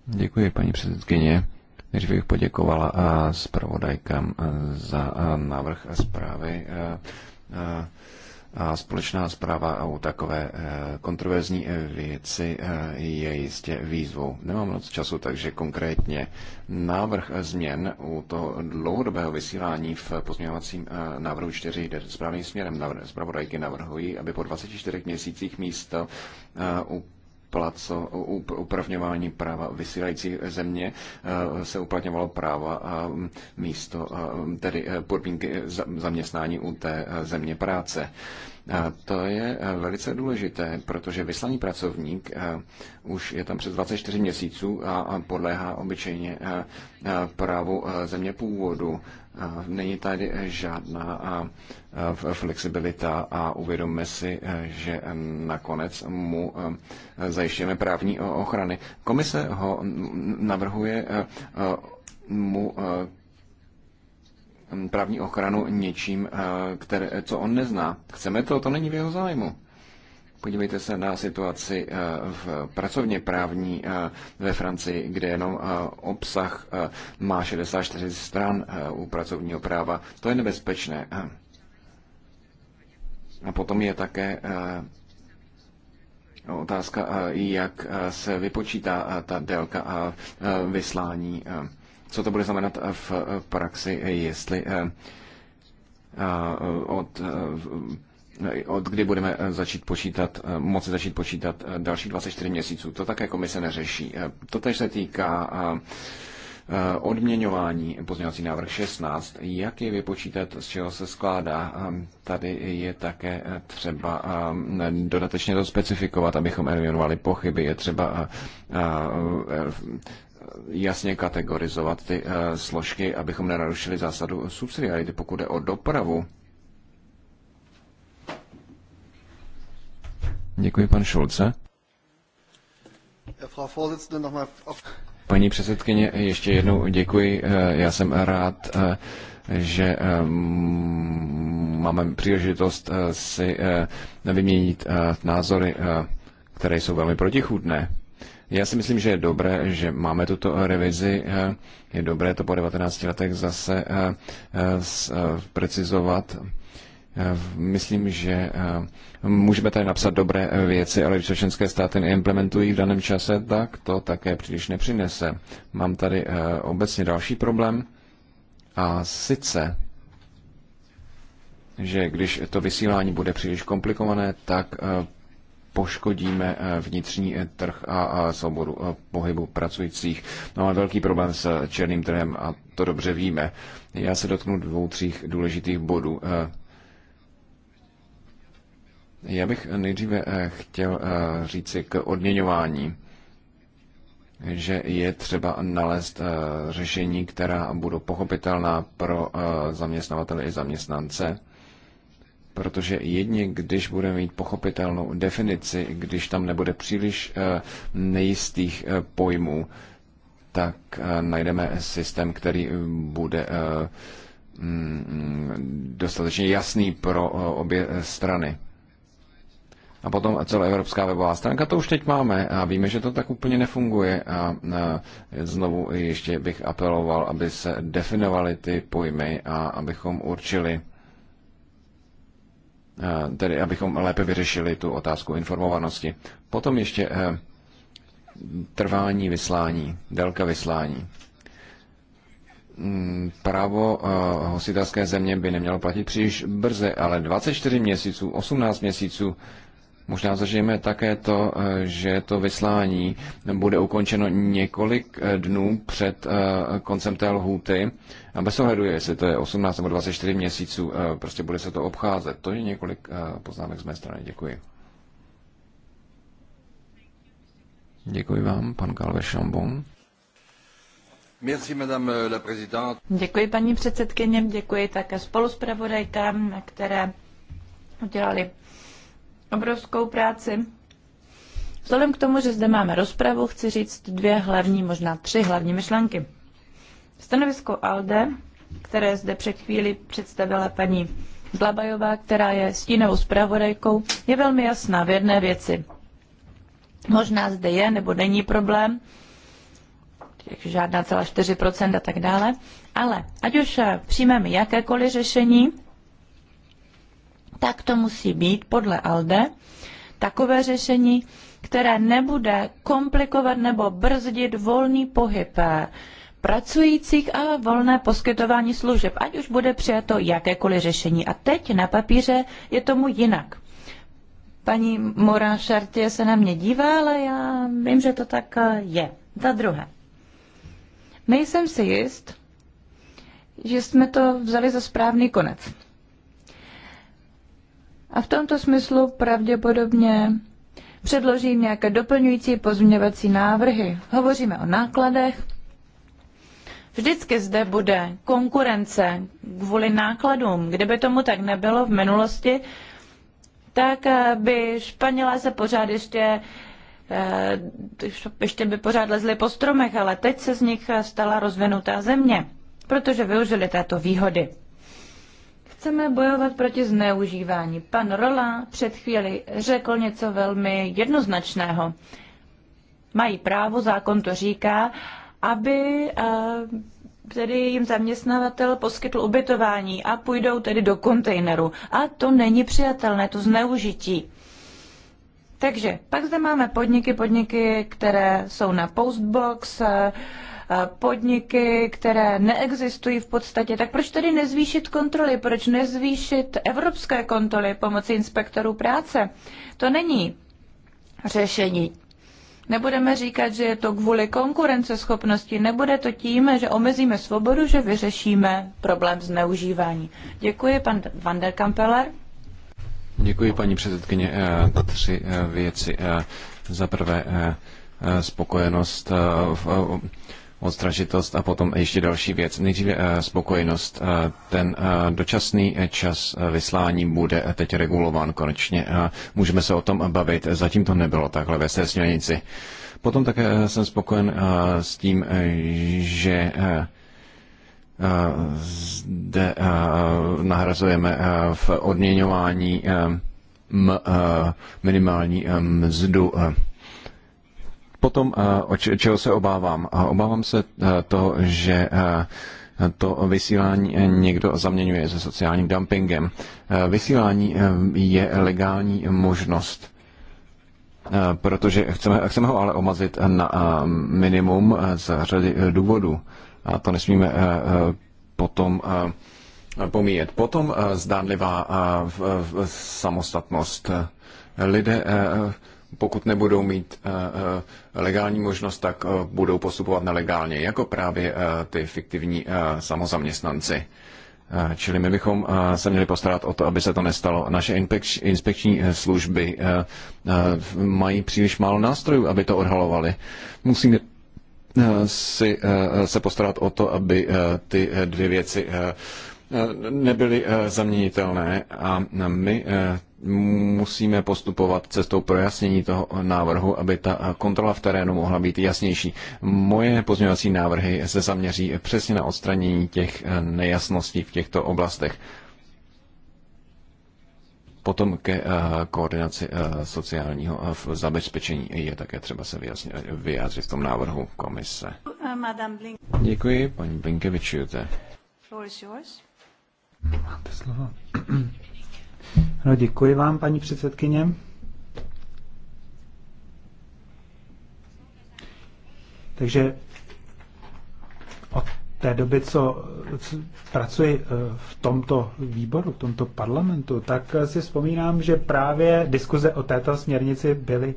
Děkuji, paní předsedkyně. Než bych poděkovala a eh, zpravodajkám za návrh a zprávy. Uh, uh, a společná zpráva o takové eh, kontroverzní eh, věci eh, je jistě výzvou. Nemám moc času, takže konkrétně návrh změn u toho dlouhodobého vysílání v pozměňovacím návrhu 4 jde správným směrem. Zpravodajky navrhují, aby po 24 měsících místo u placo, upravňování práva vysílající země eh, se uplatňovalo práva a eh, místo, eh, tedy podmínky zaměstnání u té země práce. A to je velice důležité, protože vyslaný pracovník už je tam přes 24 měsíců a podléhá obyčejně právu země původu. A není tady žádná flexibilita a uvědomme si, e, že nakonec mu e, zajišťujeme právní ochrany. Komise ho navrhuje e, mu právní ochranu něčím, které, co on nezná. Chceme to, to není v jeho zájmu. Podívejte se na situaci eh, v pracovně právní eh, ve Francii, kde jenom eh, obsah má 64 stran u pracovního práva. To je nebezpečné. A potom je také otázka, jak se vypočítá ta délka vyslání. Co to bude znamenat v praxi, jestli od od kdy budeme eh, začít počítat, eh, moci začít počítat eh, další 24 měsíců. To také komise neřeší. To tež se týká odměňování pozměňovací návrh 16. Jak je vypočítat, z čeho se skládá? Tady je také třeba dodatečně to specifikovat, abychom eliminovali pochyby. Je třeba jasně kategorizovat ty složky, abychom nenarušili zásadu subsidiarity, pokud je o dopravu Děkuji, pan Šulce. Paní předsedkyně, ještě jednou děkuji. Eh, já jsem rád, eh, že eh, máme příležitost si vyměnit názory, které jsou velmi protichůdné. Já si myslím, že je dobré, že máme tuto revizi. Je dobré to po 19 letech zase precizovat. Eh, myslím, že eh, můžeme tady napsat dobré eh, věci, ale když to členské státy neimplementují v daném čase, tak to také příliš nepřinese. Mám tady obecně další problém a sice že když to vysílání bude příliš komplikované, tak poškodíme vnitřní trh a svobodu pohybu pracujících. No a velký problém s černým trhem a to dobře víme. Já se dotknu dvou, tří důležitých bodů. Já bych nejdříve eh, chtěl eh, říci k odměňování, že je třeba nalézt eh, řešení, která budou pochopitelná pro zaměstnavatele i zaměstnance, protože jedně, když budeme mít pochopitelnou definici, když tam nebude příliš nejistých pojmů, tak najdeme systém, který bude mm, mm, dostatečně jasný pro obě strany. A potom celoevropská webová stránka, to už teď máme a víme, že to tak úplně nefunguje. A znovu ještě bych apeloval, aby se definovaly ty pojmy a abychom určili, tedy abychom lépe vyřešili tu otázku informovanosti. Potom ještě e, trvání vyslání, délka vyslání. Mm, právo e, hostitelské země by nemělo platit příliš brze, ale 24 měsíců, 18 měsíců Možná zažijeme také to, eh, že to vyslání bude ukončeno několik eh, dnů před eh, koncem té lhůty a bez ohledu, jestli to je 18 nebo 24 měsíců, prostě bude se to obcházet. To je několik poznámek z mé strany. Děkuji. Děkuji vám, pan Kalve Šambon. Děkuji paní předsedkyně, děkuji také spoluspravodajkám, které udělali obrovskou práci. Vzhledem k tomu, že zde máme rozpravu, chci říct dvě hlavní, možná tři hlavní myšlenky. Stanovisko ALDE, které zde před chvíli představila paní Zlabajová, která je stínovou zpravodajkou, je velmi jasná v jedné věci. Možná zde je nebo není problém, žádná celá 4% a tak dále, ale ať už přijmeme jakékoliv řešení, tak to musí být podle ALDE takové řešení, které nebude komplikovat nebo brzdit volný pohyb eh, pracujících a volné poskytování služeb, ať už bude přijato jakékoliv řešení. A teď na papíře je tomu jinak. Paní Mora Šartě se na mě dívá, ale já vím, že to tak eh, je. Za druhé. Nejsem si jist, že jsme to vzali za správný konec. A v tomto smyslu pravděpodobně předložím nějaké doplňující pozměňovací návrhy. Hovoříme o nákladech. Vždycky zde bude konkurence kvůli nákladům. Kdyby tomu tak nebylo v minulosti, tak eh, by Španělé se pořád ještě eh, ještě by pořád lezli po stromech, ale teď se z nich stala rozvinutá země, protože využili této výhody. Chceme bojovat proti zneužívání. Pan Rola před chvíli řekl něco velmi jednoznačného. Mají právo, zákon to říká, aby eh, tedy jim zaměstnavatel poskytl ubytování a půjdou tedy do kontejneru. A to není přijatelné, to zneužití. Takže pak zde máme podniky, podniky, které jsou na postbox, eh, Eh, podniky, které neexistují v podstatě, tak proč tedy nezvýšit kontroly? Proč nezvýšit evropské kontroly pomocí inspektorů práce? To není řešení. Nebudeme říkat, že je to kvůli konkurenceschopnosti, nebude to tím, že omezíme svobodu, že vyřešíme problém zneužívání. Děkuji, pan Van der Kampeler. Děkuji, paní předsedkyně. Eh, tři eh, věci. Za prvé spokojenost v odstražitost a potom ještě další věc. Nejdříve eh, spokojenost. Eh, ten eh, dočasný čas vyslání bude teď regulován konečně. Můžeme se o tom bavit. Zatím to nebylo takhle ve směrnici. Potom také jsem spokojen s tím, že zde nahrazujeme v odměňování minimální mzdu Potom, eh, o čeho se obávám? Obávám se eh, toho, že eh, to vysílání někdo zaměňuje se sociálním dumpingem. Vysílání je legální možnost protože chceme, chceme ho ale omazit na minimum z řady důvodů. A to nesmíme potom pomíjet. Potom zdánlivá samostatnost. Lidé pokud nebudou mít eh, eh, legální možnost, tak eh, budou postupovat nelegálně, jako právě ty fiktivní samozaměstnanci. Čili my bychom se měli postarat o to, aby se to nestalo. Naše inspekční služby mají příliš málo nástrojů, aby to odhalovali. Musíme si, se postarat o to, aby ty dvě věci nebyly zaměnitelné a my musíme postupovat cestou projasnění toho návrhu, aby ta kontrola v terénu mohla být jasnější. Moje pozměňovací návrhy se zaměří přesně na odstranění těch nejasností v těchto oblastech. Potom ke eh, koordinaci eh, sociálního eh, zabezpečení je také třeba se vyjasnit, vyjádřit v tom návrhu komise. Děkuji, paní Blinkevičiute. Máte slovo. No, děkuji vám, paní předsedkyně. Takže od té doby, co, pracuji eh, v tomto výboru, v tomto parlamentu, tak si vzpomínám, že právě diskuze o této směrnici byly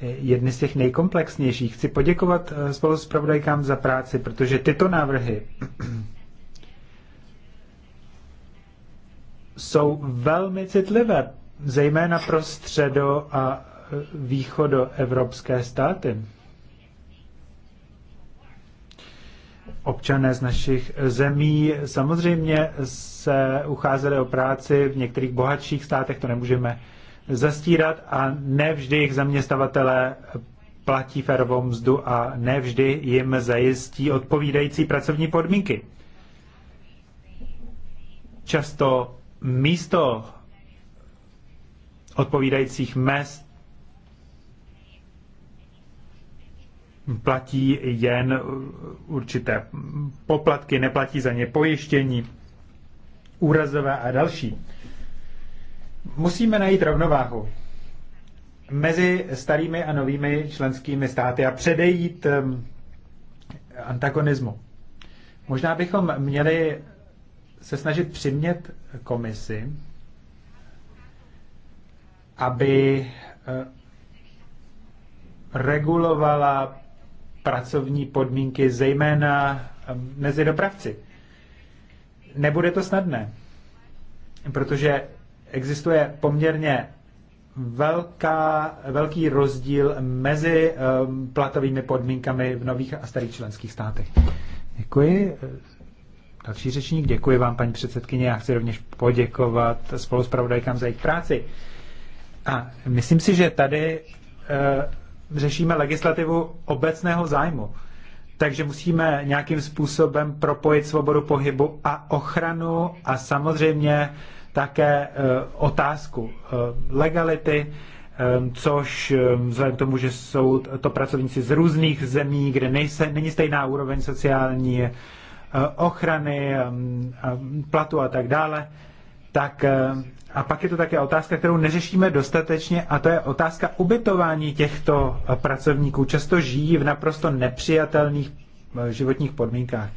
eh, jedny z těch nejkomplexnějších. Chci poděkovat eh, spolu s za práci, protože tyto návrhy jsou velmi citlivé, zejména pro středo a e, východoevropské státy. Občané z našich zemí samozřejmě se ucházeli o práci v některých bohatších státech, to nemůžeme zastírat a nevždy jejich zaměstnavatelé platí ferovou mzdu a nevždy jim zajistí odpovídající pracovní podmínky. Často místo odpovídajících mest platí jen určité poplatky, neplatí za ně pojištění, úrazové a další. Musíme najít rovnováhu mezi starými a novými členskými státy a předejít ehm, antagonismu. Možná bychom měli se snažit přimět komisi, aby eh, regulovala pracovní podmínky, zejména eh, mezi dopravci. Nebude to snadné, protože existuje poměrně velká, velký rozdíl mezi eh, platovými podmínkami v nových a starých členských státech. Děkuji. Další řečník, děkuji vám, paní předsedkyně. Já chci rovněž poděkovat spolu pravodajkám za jejich práci. A myslím si, že tady e, řešíme legislativu obecného zájmu. Takže musíme nějakým způsobem propojit svobodu pohybu a ochranu a samozřejmě také e, otázku e, legality, e, což e, vzhledem k tomu, že jsou to pracovníci z různých zemí, kde nejse, není stejná úroveň sociální Eh, ochrany, eh, eh, platu a tak dále, tak a pak je to také otázka, kterou neřešíme dostatečně, a to je otázka ubytování těchto pracovníků. Často žijí v naprosto nepřijatelných životních podmínkách.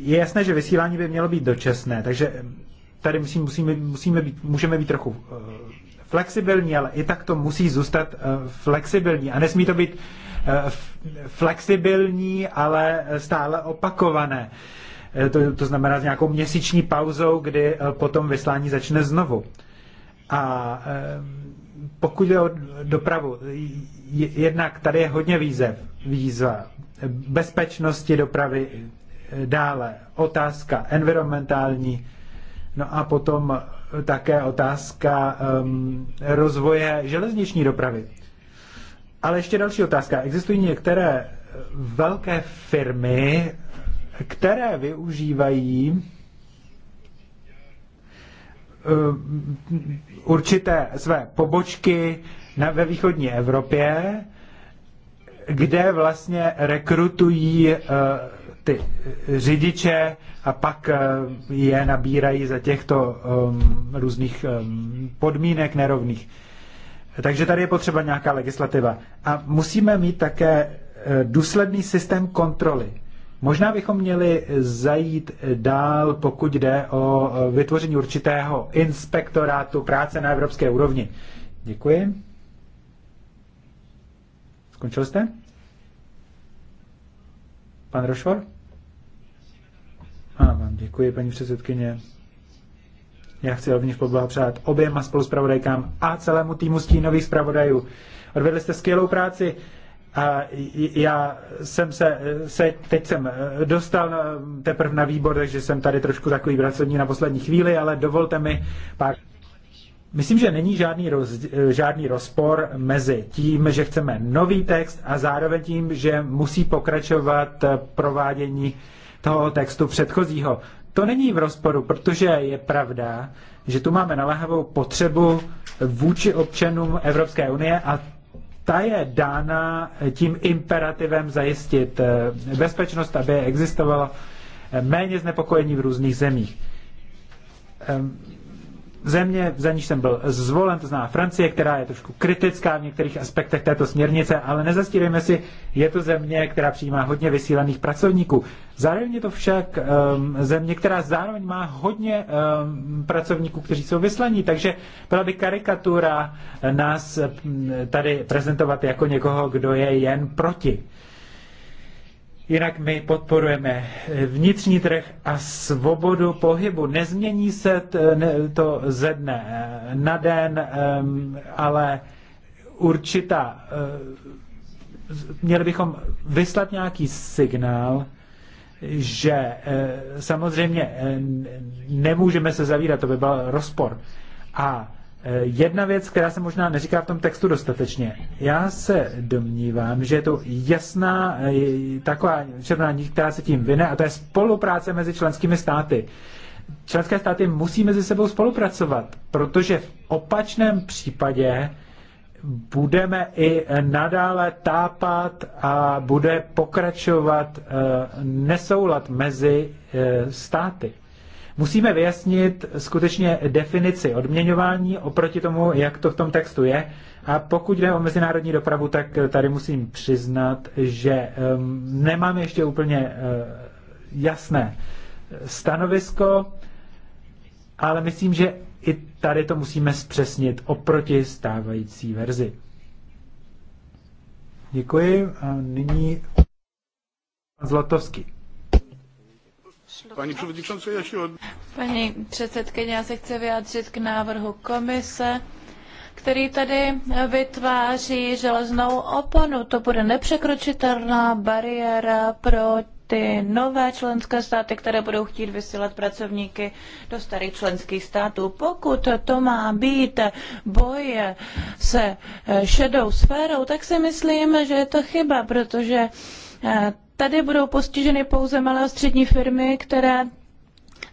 Je jasné, že vysílání by mělo být dočasné, takže tady musíme, musíme, musíme být, můžeme být trochu flexibilní, ale i tak to musí zůstat eh, flexibilní. A nesmí to být eh, flexibilní, ale stále opakované. Eh, to, to znamená s nějakou měsíční pauzou, kdy potom vyslání začne znovu. A pokud je o dopravu, jednak tady je hodně výzev, výzva bezpečnosti dopravy, dále otázka environmentální, no a potom také otázka um, rozvoje železniční dopravy. Ale ještě další otázka. Existují některé velké firmy, které využívají ehm, určité své pobočky na, ve východní Evropě, kde vlastně rekrutují eh, ty eh, řidiče a pak eh, je nabírají za těchto ehm, různých ehm, podmínek nerovných. Takže tady je potřeba nějaká legislativa. A musíme mít také eh, důsledný systém kontroly. Možná bychom měli zajít dál, pokud jde o vytvoření určitého inspektorátu práce na evropské úrovni. Děkuji. Skončil jste? Pan Rošvar? Ano, vám děkuji, paní předsedkyně. Já chci rovněž poblahopřát oběma spoluspravodajkám a celému týmu stínových zpravodajů. Odvedli jste skvělou práci. A já jsem se, se, teď jsem eh, dostal eh, teprve na výbor, takže jsem tady trošku takový pracovní na poslední chvíli, ale dovolte mi pár Myslím, že není žádný, roz, eh, žádný rozpor mezi tím, že chceme nový text a zároveň tím, že musí pokračovat eh, provádění toho textu předchozího. To není v rozporu, protože je pravda, že tu máme naléhavou potřebu vůči občanům Evropské unie a ta je dána eh, tím imperativem zajistit bezpečnost, aby existovalo méně znepokojení v různých zemích ehm, země, za níž jsem byl zvolen, to znamená Francie, která je trošku kritická v některých aspektech této směrnice, ale nezastírejme si, je to země, která přijímá hodně vysílaných pracovníků. Zároveň je to však um, země, která zároveň má hodně um, pracovníků, kteří jsou vyslaní, takže byla by karikatura eh, nás ehm, tady prezentovat jako někoho, kdo je jen proti. Jinak my podporujeme vnitřní trh a svobodu pohybu. Nezmění se to ze dne eh, na den, ale určitá. Eh, měli bychom vyslat nějaký signál, že eh, samozřejmě nemůžeme se zavírat, to by byl rozpor. A Eh, jedna věc, která se možná neříká v tom textu dostatečně. Já se domnívám, že je to jasná eh, taková červená nit, která se tím vyne, a to je spolupráce mezi členskými státy. Členské státy musí mezi sebou spolupracovat, protože v opačném případě budeme i nadále tápat a bude pokračovat eh, nesoulad mezi státy. Musíme vyjasnit skutečně definici odměňování oproti tomu, jak to v tom textu je. A pokud jde o mezinárodní dopravu, tak tady musím přiznat, že um, nemám ještě úplně uh, jasné stanovisko, ale myslím, že i tady to musíme zpřesnit oproti stávající verzi. Děkuji a nyní Zlatovský. Paní předsedkyně, já od... předsedkyně, já se chci vyjádřit k návrhu komise, který tady vytváří železnou oponu. To bude nepřekročitelná bariéra pro ty nové členské státy, které budou chtít vysílat pracovníky do starých členských států. Pokud to má být boj se šedou sférou, tak si myslím, že je to chyba, protože eh, Tady budou postiženy pouze malé a střední firmy, které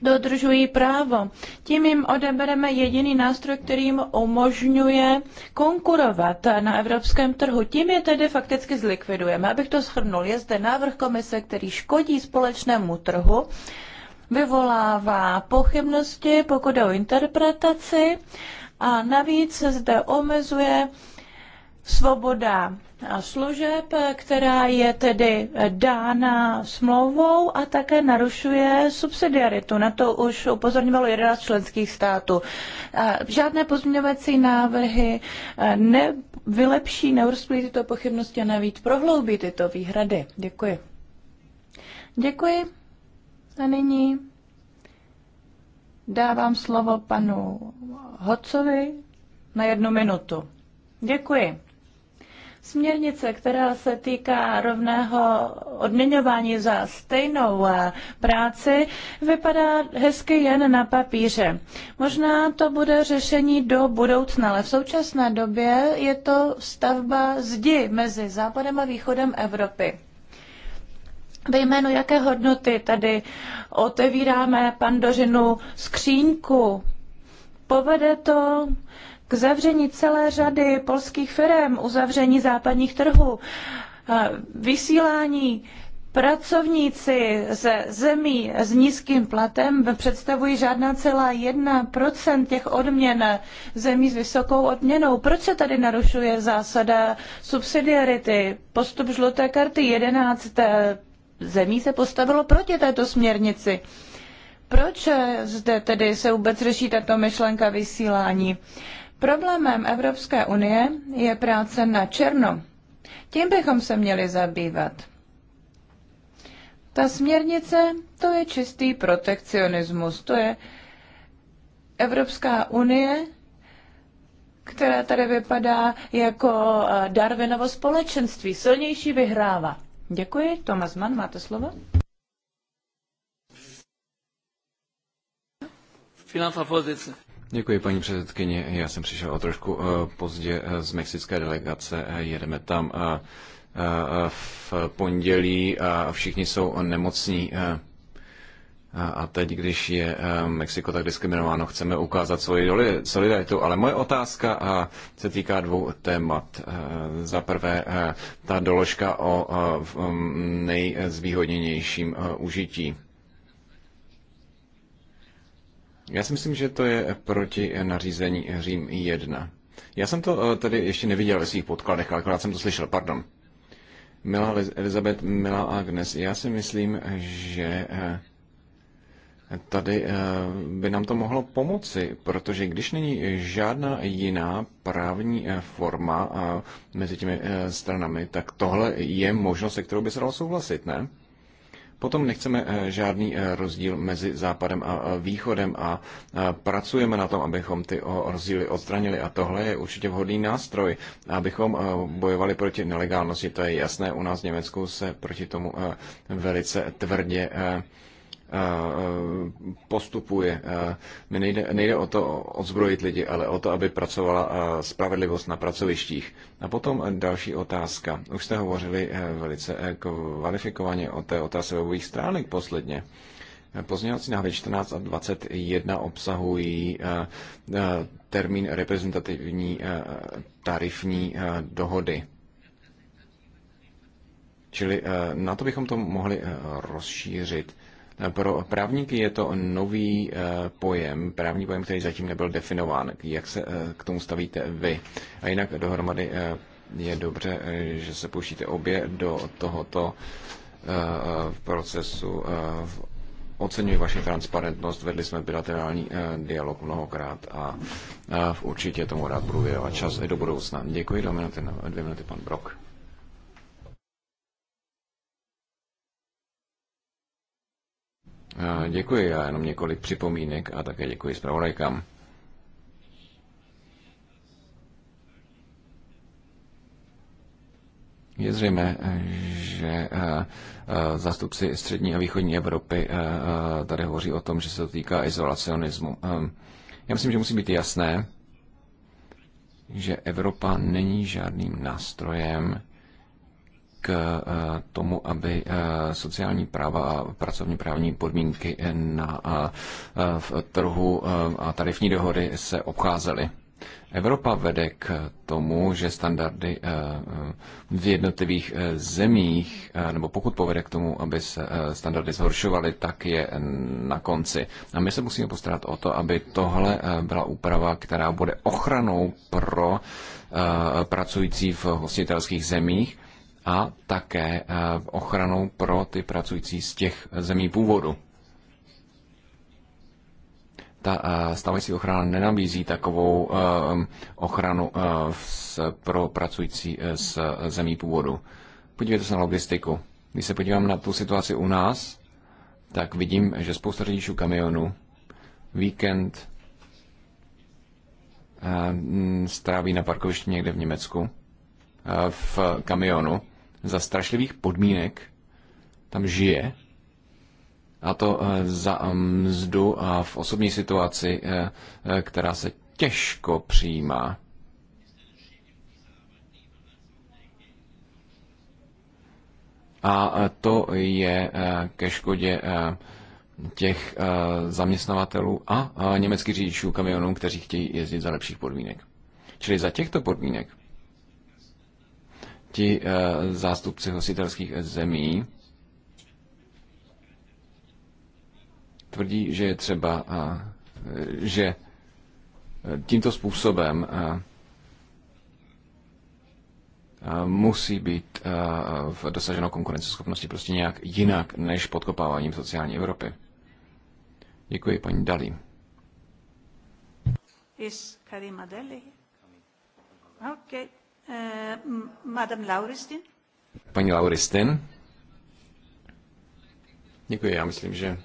dodržují právo. Tím jim odebereme jediný nástroj, který jim umožňuje konkurovat na evropském trhu. Tím je tedy fakticky zlikvidujeme. Abych to shrnul, je zde návrh komise, který škodí společnému trhu, vyvolává pochybnosti, pokud jde o interpretaci a navíc se zde omezuje svoboda služeb, která je tedy dána smlouvou a také narušuje subsidiaritu. Na to už upozorňovalo 11 členských států. Žádné pozměňovací návrhy eh, nevylepší, neurostlí tyto pochybnosti a navíc prohloubí tyto výhrady. Děkuji. Děkuji. A nyní dávám slovo panu Hocovi na jednu minutu. Děkuji. Směrnice, která se týká rovného odměňování za stejnou eh, práci, vypadá hezky jen na papíře. Možná to bude řešení do budoucna, ale v současné době je to stavba zdi mezi západem a východem Evropy. Ve jménu jaké hodnoty tady otevíráme pandořinu skřínku? Povede to k zavření celé řady polských firm, uzavření západních trhů, eh, vysílání pracovníci ze zemí s nízkým platem představují žádná celá jedna procent těch odměn zemí s vysokou odměnou. Proč se tady narušuje zásada subsidiarity? Postup žluté karty 11 eh, zemí se postavilo proti této směrnici. Proč eh, zde tedy se vůbec řeší tato myšlenka vysílání? Uh, Problémem Evropské unie je práce na černo. Tím bychom se měli zabývat. Ta směrnice, to je čistý protekcionismus, to je Evropská unie, která tady vypadá jako eh, Darwinovo společenství. Silnější vyhrává. Děkuji. Tomas Mann, máte slovo? Finanzvorsitzende. Děkuji, paní předsedkyně. Já jsem přišel o trošku eh, pozdě eh, z mexické delegace. Eh, jedeme tam v pondělí a všichni jsou nemocní. A teď, když je Mexiko tak diskriminováno, chceme ukázat svoji solidaritu. Ale moje otázka se týká dvou témat. Za prvé, ta doložka o mm, nejzvýhodněnějším užití já si myslím, že to je proti nařízení Řím 1. Já jsem to eh, tady ještě neviděl ve svých podkladech, ale akorát jsem to slyšel, pardon. Milá Elizabeth, milá Agnes, já si myslím, že eh, tady eh, by nám to mohlo pomoci, protože když není žádná jiná právní forma mezi těmi stranami, tak tohle je možnost, se kterou by se dalo souhlasit, ne? Potom nechceme eh, žádný eh, rozdíl mezi západem a eh, východem a pracujeme na tom, abychom ty rozdíly odstranili. A tohle je určitě vhodný nástroj, abychom bojovali proti nelegálnosti. To je jasné, u nás v Německu se proti tomu velice tvrdě postupuje. Mi nejde, nejde o to odzbrojit lidi, ale o to, aby pracovala spravedlivost na pracovištích. A potom další otázka. Už jste hovořili e, velice e, kvalifikovaně o té otázce webových stránek posledně. Pozměňovací návrhy 14 a 21 obsahují e, termín reprezentativní tarifní dohody. Čili na to bychom to mohli rozšířit. Pro právníky je to nový eh, pojem, právní pojem, který zatím nebyl definován. Jak se eh, k tomu stavíte vy? A jinak dohromady eh, je dobře, že se pouštíte obě do tohoto procesu. Oceňuji vaši transparentnost, vedli jsme bilaterální dialog mnohokrát a určitě tomu rád budu věnovat čas i do budoucna. Děkuji, dvě minuty, dvě minuty pan Brok. Děkuji, já jenom několik připomínek a také děkuji zpravodajkám. Je zřejmé, že eh, eh, zástupci střední a východní Evropy eh, tady hovoří o tom, že se to týká izolacionismu. Ehm, já myslím, že musí být jasné, že Evropa není žádným nástrojem k eh, tomu, aby eh, sociální práva a pracovní právní podmínky na eh, v trhu a tarifní dohody se obcházely. Evropa vede k tomu, že standardy v jednotlivých zemích, nebo pokud povede k tomu, aby se standardy zhoršovaly, tak je na konci. A my se musíme postarat o to, aby tohle byla úprava, která bude ochranou pro pracující v hostitelských zemích a také eh, ochranou pro ty pracující z těch zemí původu. Ta eh, stávající ochrana nenabízí takovou eh, ochranu pro pracující z zemí původu. Podívejte se na logistiku. Když se podívám na tu situaci u nás, tak vidím, že spousta řidičů kamionů víkend stráví na parkovišti někde v Německu Eh, v kamionu za strašlivých podmínek tam žije a to eh, za eh, mzdu a v osobní situaci, která se těžko přijímá. A to je ke škodě těch zaměstnavatelů a německých řidičů kamionů, kteří chtějí jezdit za lepších podmínek. Čili za těchto podmínek ti eh, zástupci hostitelských zemí tvrdí, že je třeba, eh, že eh, tímto způsobem musí být v dosaženo konkurenceschopnosti prostě nějak jinak než podkopáváním sociální Evropy. Děkuji, paní Dalí. Is Karima Deli? Okay. Eh, Madame Lauristin. Paní Lauristin. Děkuji, já myslím, že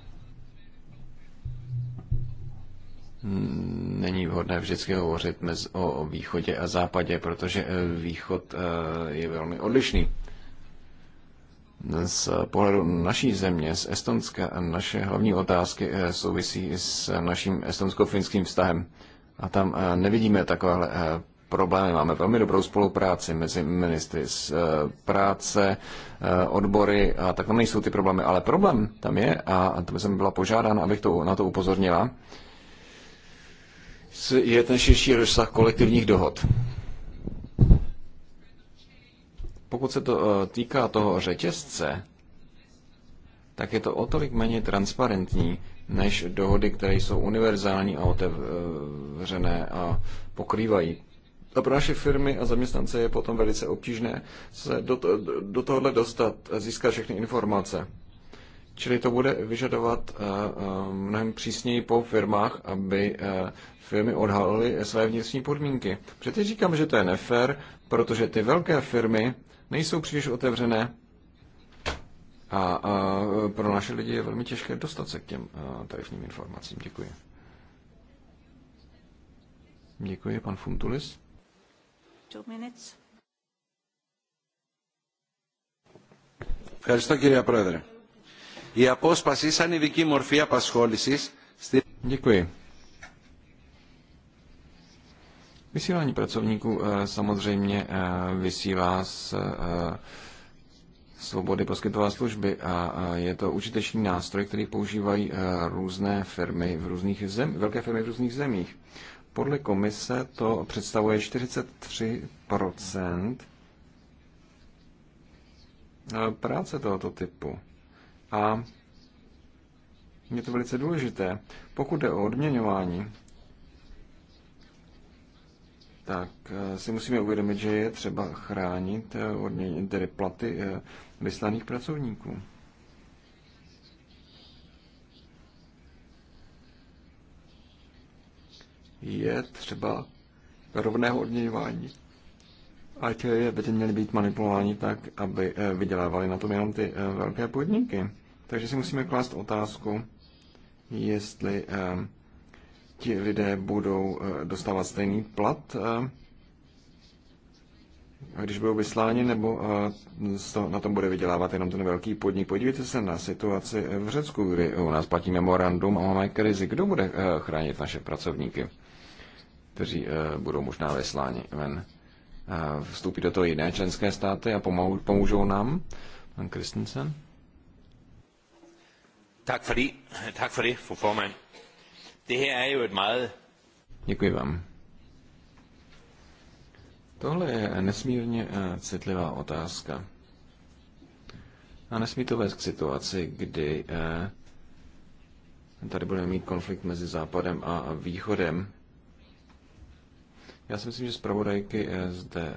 není vhodné vždycky hovořit mez, o východě a západě, protože eh, východ eh, je velmi odlišný. Z pohledu naší země, z Estonska, naše hlavní otázky souvisí s naším estonsko-finským vztahem. A tam nevidíme takovéhle problémy. Máme velmi dobrou spolupráci mezi ministry z eh, práce, eh, odbory a tak tam nejsou ty problémy. Ale problém tam je, a to jsem byla požádána, abych to, na to upozornila, je ten širší rozsah kolektivních dohod. Pokud se to eh, týká toho řetězce, tak je to o tolik méně transparentní než dohody, které jsou univerzální a otevřené a pokrývají a pro naše firmy a zaměstnance je potom velice obtížné se do, to, do tohohle dostat, získat všechny informace. Čili to bude vyžadovat eh, eh, mnohem přísněji po firmách, aby eh, firmy odhalily své vnitřní podmínky. Protože říkám, že to je nefér, protože ty velké firmy nejsou příliš otevřené a, a pro naše lidi je velmi těžké dostat se k těm tarifním informacím. Děkuji. Děkuji, pan Funtulis two minutes. Ευχαριστώ Πρόεδρε. Η απόσπαση σαν ειδική μορφή απασχόλησης στη... Děkuji. Vysílání pracovníků eh, samozřejmě eh, vysílá z eh, svobody poskytovat služby a je to užitečný nástroj, který používají různé firmy v různých zemích, velké firmy v různých zemích. Podle komise to představuje 43 eh, práce tohoto typu. A je to velice důležité. Pokud jde o odměňování, tak eh, si musíme uvědomit, že je třeba chránit eh, odměň, tedy platy vyslaných pracovníků. je třeba rovného odměňování. Ať je by měly být manipulováni tak, aby eh, vydělávali na tom jenom ty eh, velké podniky. Takže si musíme klást otázku, jestli eh, ti lidé budou dostávat stejný plat, když budou vysláni, nebo na tom bude vydělávat jenom ten velký podnik. Podívejte se na situaci v Řecku, kdy u nás platí memorandum a máme krizi. Kdo bude chránit naše pracovníky? kteří eh, budou možná vysláni ven, eh, vstoupí do toho jiné členské státy a pomou- pomůžou nám? Pan Christensen? Tak for det, tak for det, fru formand. Det her er jo et meget... Děkuji vám. Tohle je nesmírně eh, citlivá otázka. A nesmí to vést k situaci, kdy tady budeme mít konflikt mezi Západem a Východem já si myslím, že zpravodajky eh, zde eh,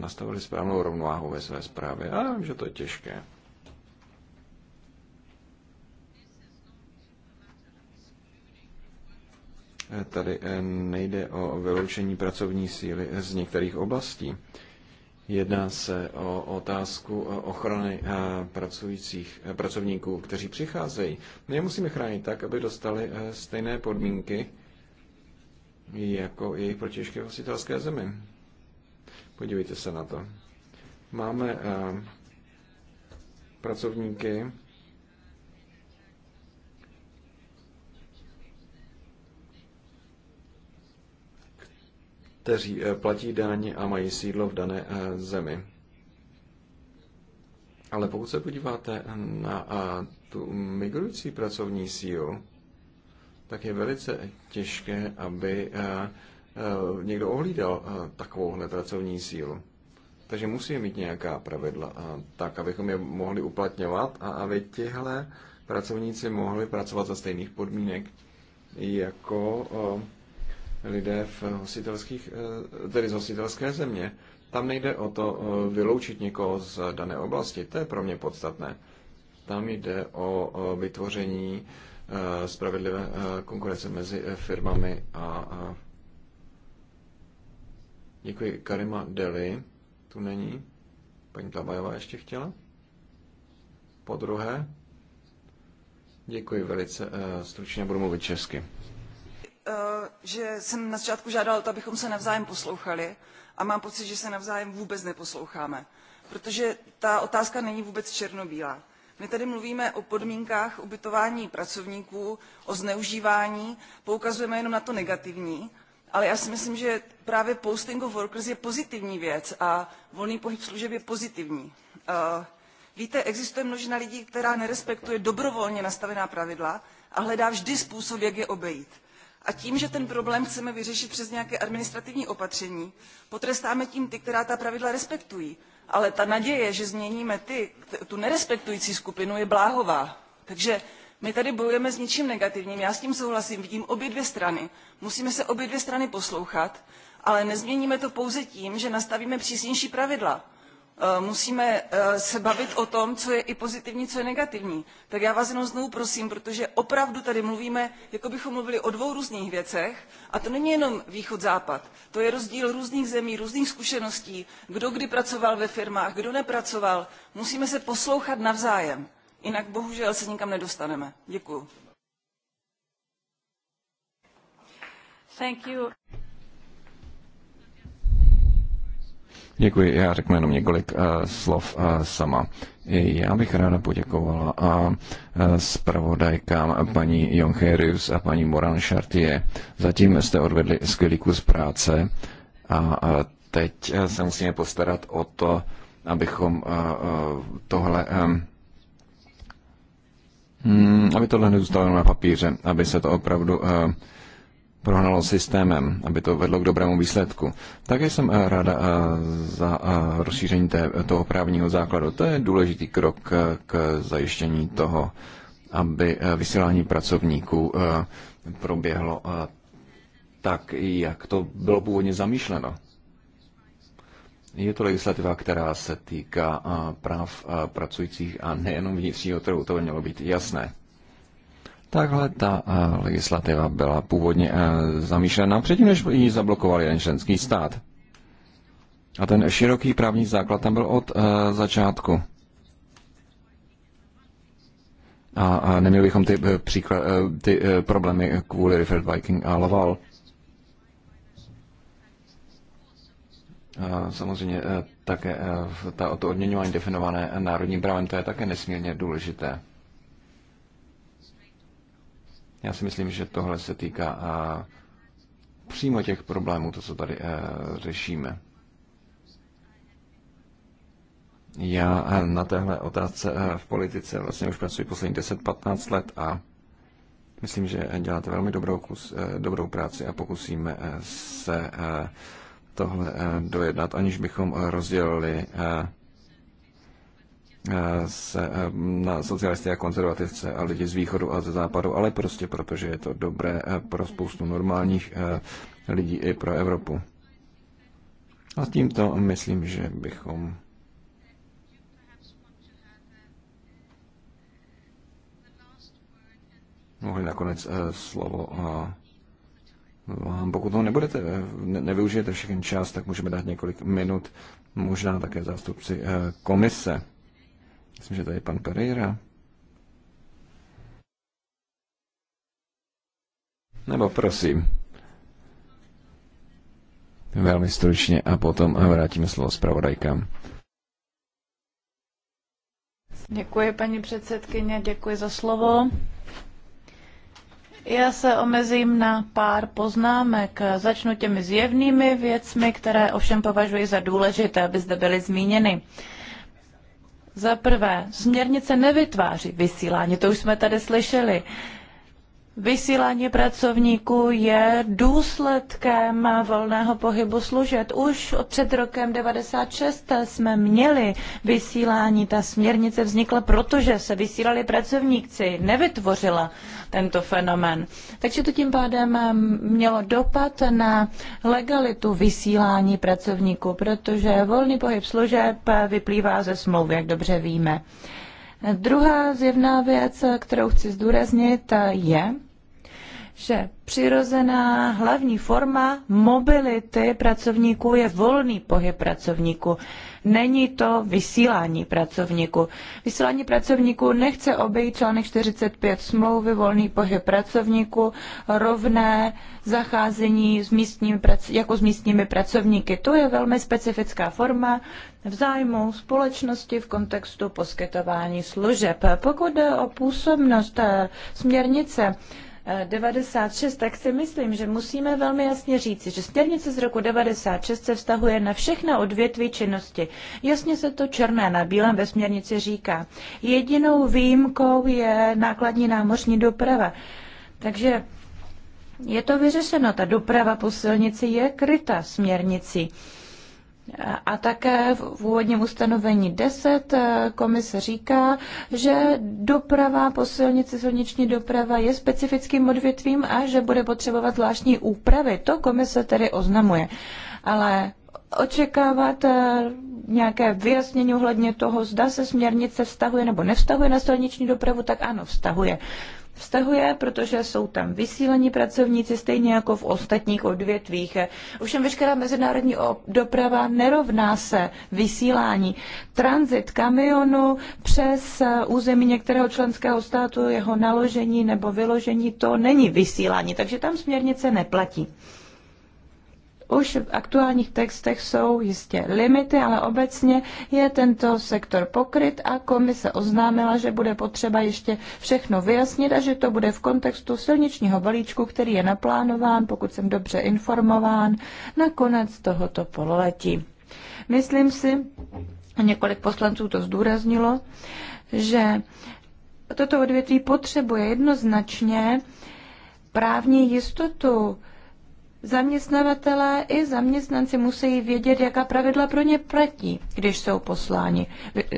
nastavili správnou rovnováhu ve své zprávě. A vím, že to je těžké. Eh, tady nejde o vyloučení pracovní síly z některých oblastí. Jedná se o otázku ochrany pracujících, pracovníků, kteří přicházejí. My je musíme chránit tak, aby dostali stejné podmínky, jako i protěžky v hostitelské zemi. Podívejte se na to. Máme eh, pracovníky, kteří eh, platí daň a mají sídlo v dané eh, zemi. Ale pokud se podíváte na tu migrující pracovní sílu, tak je velice těžké, aby eh, eh, někdo ohlídal eh, takovouhle pracovní sílu. Takže musíme mít nějaká pravidla, tak abychom je mohli uplatňovat a aby tihle pracovníci mohli pracovat za stejných podmínek jako lidé v hostitelských, tedy z hostitelské země. Tam nejde o to vyloučit někoho z dané oblasti, to je pro mě podstatné. Tam jde o vytvoření Eh, spravedlivé eh, konkurence mezi eh, firmami a Děkuji. Karima Deli tu není. Paní Tabajová ještě chtěla. Po druhé. Děkuji velice. Stručně budu mluvit česky. Že jsem na začátku žádala, abychom se navzájem poslouchali a mám pocit, že se navzájem vůbec neposloucháme. Protože ta otázka není vůbec černobílá my tady mluvíme o podmínkách ubytování pracovníků, o zneužívání, poukazujeme jenom na to negativní, ale já si myslím, že právě posting of workers je pozitivní věc a volný pohyb služeb je pozitivní. Eh, víte, existuje množina lidí, která nerespektuje dobrovolně nastavená pravidla a hledá vždy způsob, jak je obejít. A tím, že ten problém chceme vyřešit přes nějaké administrativní opatření, potrestáme tím ty, která ta pravidla respektují ale ta naděje, že změníme ty, tu nerespektující skupinu, je bláhová. Takže my tady bojujeme s něčím negativním, já s tím souhlasím, vidím obě dvě strany. Musíme se obě dvě strany poslouchat, ale nezměníme to pouze tím, že nastavíme přísnější pravidla Eh, musíme eh, se bavit o tom, co je i pozitivní, co je negativní. Tak já vás jenom znovu prosím, protože opravdu tady mluvíme, jako bychom mluvili o dvou různých věcech a to není jenom východ-západ. To je rozdíl různých zemí, různých zkušeností, kdo kdy pracoval ve firmách, kdo nepracoval. Musíme se poslouchat navzájem, jinak bohužel se nikam nedostaneme. Děkuji. Thank you. Děkuji, já řeknu jenom několik uh, slov uh, sama. Já bych ráda poděkovala a eh, zpravodajkám paní Jonkerius a paní Moran Chartier. Zatím jste odvedli skvělý kus práce a teď se musíme postarat o to, abychom tohle mm, aby tohle nezůstalo na papíře, aby se to opravdu prohnalo systémem, aby to vedlo k dobrému výsledku. Také jsem eh, ráda eh, za eh, rozšíření té, toho právního základu. To je důležitý krok k zajištění toho, aby vysílání pracovníků proběhlo tak, jak to bylo původně zamýšleno. Je to legislativa, která se týká práv pracujících a nejenom vnitřního trhu, to by mělo být jasné. Takhle ta eh, legislativa byla původně eh, zamýšlena předtím, než ji zablokoval jeden členský stát. A ten široký právní základ tam byl od eh, začátku. A, a neměli bychom ty, příklad, ty problémy kvůli River Viking a Laval. Samozřejmě také ta, to odměňování definované národním právem, to je také nesmírně důležité. Já si myslím, že tohle se týká a přímo těch problémů, to, co tady a, e, řešíme. Já e, na téhle otázce e, v politice vlastně už pracuji poslední 10-15 let a myslím, že děláte velmi dobrou, kus, dobrou práci a pokusíme se tohle dojednat, aniž bychom rozdělili se, eh, na socialisty a konzervativce a lidi z východu a ze západu, ale prostě protože je to dobré eh, pro spoustu normálních eh, lidí i pro Evropu. A s tímto myslím, že bychom mohli nakonec slovo a vám. Pokud ho nebudete, ne, nevyužijete všechny čas, tak můžeme dát několik minut, možná také zástupci komise. Myslím, že tady pan Pereira. Nebo prosím. Velmi stručně a potom vrátíme slovo zpravodajkám. Děkuji, paní předsedkyně, děkuji za slovo. Já se omezím na pár poznámek. Začnu těmi zjevnými věcmi, které ovšem považuji za důležité, aby zde byly zmíněny. Za prvé, směrnice nevytváří vysílání, to už jsme tady slyšeli. Vysílání pracovníků je důsledkem volného pohybu služeb. Už před rokem 96 jsme měli vysílání. Ta směrnice vznikla, protože se vysílali pracovníci, nevytvořila tento fenomén. Takže to tím pádem mm, mělo dopad na legalitu vysílání pracovníků, protože volný pohyb služeb vyplývá ze smlouvy, jak dobře víme. Druhá zjevná věc, kterou chci zdůraznit, je, že přirozená hlavní forma mobility pracovníků je volný pohyb pracovníků. Není to vysílání pracovníků. Vysílání pracovníků nechce obejít článek 45 smlouvy, volný pohyb pracovníků, rovné zacházení s místními, jako s místními pracovníky. To je velmi specifická forma v zájmu společnosti v kontextu poskytování služeb. Pokud jde o působnost eh, směrnice, 96, tak si myslím, že musíme velmi jasně říci, že směrnice z roku 96 se vztahuje na všechna odvětví činnosti. Jasně se to černé na bílém ve směrnici říká. Jedinou výjimkou je nákladní námořní doprava. Takže je to vyřešeno. Ta doprava po silnici je kryta směrnicí. A také v úvodním ustanovení 10 eh, komise říká, že doprava po silnici, silniční doprava je specifickým odvětvím a že bude potřebovat zvláštní úpravy. To komise tedy oznamuje. Ale očekávat eh, nějaké vyjasnění ohledně toho, zda se směrnice vztahuje nebo nevztahuje na silniční dopravu, tak ano, vztahuje vztahuje, protože jsou tam vysílení pracovníci stejně jako v ostatních odvětvích. Ovšem veškerá mezinárodní doprava nerovná se vysílání. transit kamionu přes území některého členského státu, jeho naložení nebo vyložení, to není vysílání, takže tam směrnice neplatí. Už v aktuálních textech jsou jistě limity, ale obecně je tento sektor pokryt a komise oznámila, že bude potřeba ještě všechno vyjasnit a že to bude v kontextu silničního balíčku, který je naplánován, pokud jsem dobře informován, na konec tohoto pololetí. Myslím si, a několik poslanců to zdůraznilo, že toto odvětví potřebuje jednoznačně právní jistotu, Zaměstnavatelé i zaměstnanci musí vědět, jaká pravidla pro ně platí, když jsou posláni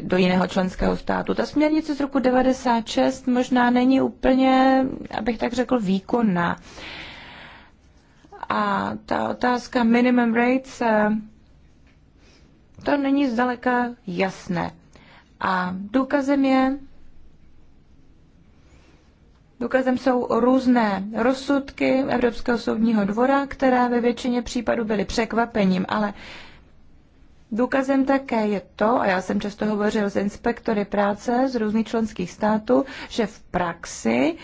do jiného členského státu. Ta směrnice z roku 96 možná není úplně, abych tak řekl, výkonná. A ta otázka minimum rates, eh, to není zdaleka jasné. A důkazem je, Důkazem jsou různé rozsudky Evropského soudního dvora, které ve většině případů byly překvapením, ale Důkazem také je to, a já jsem často hovořil s inspektory práce z různých členských států, že v praxi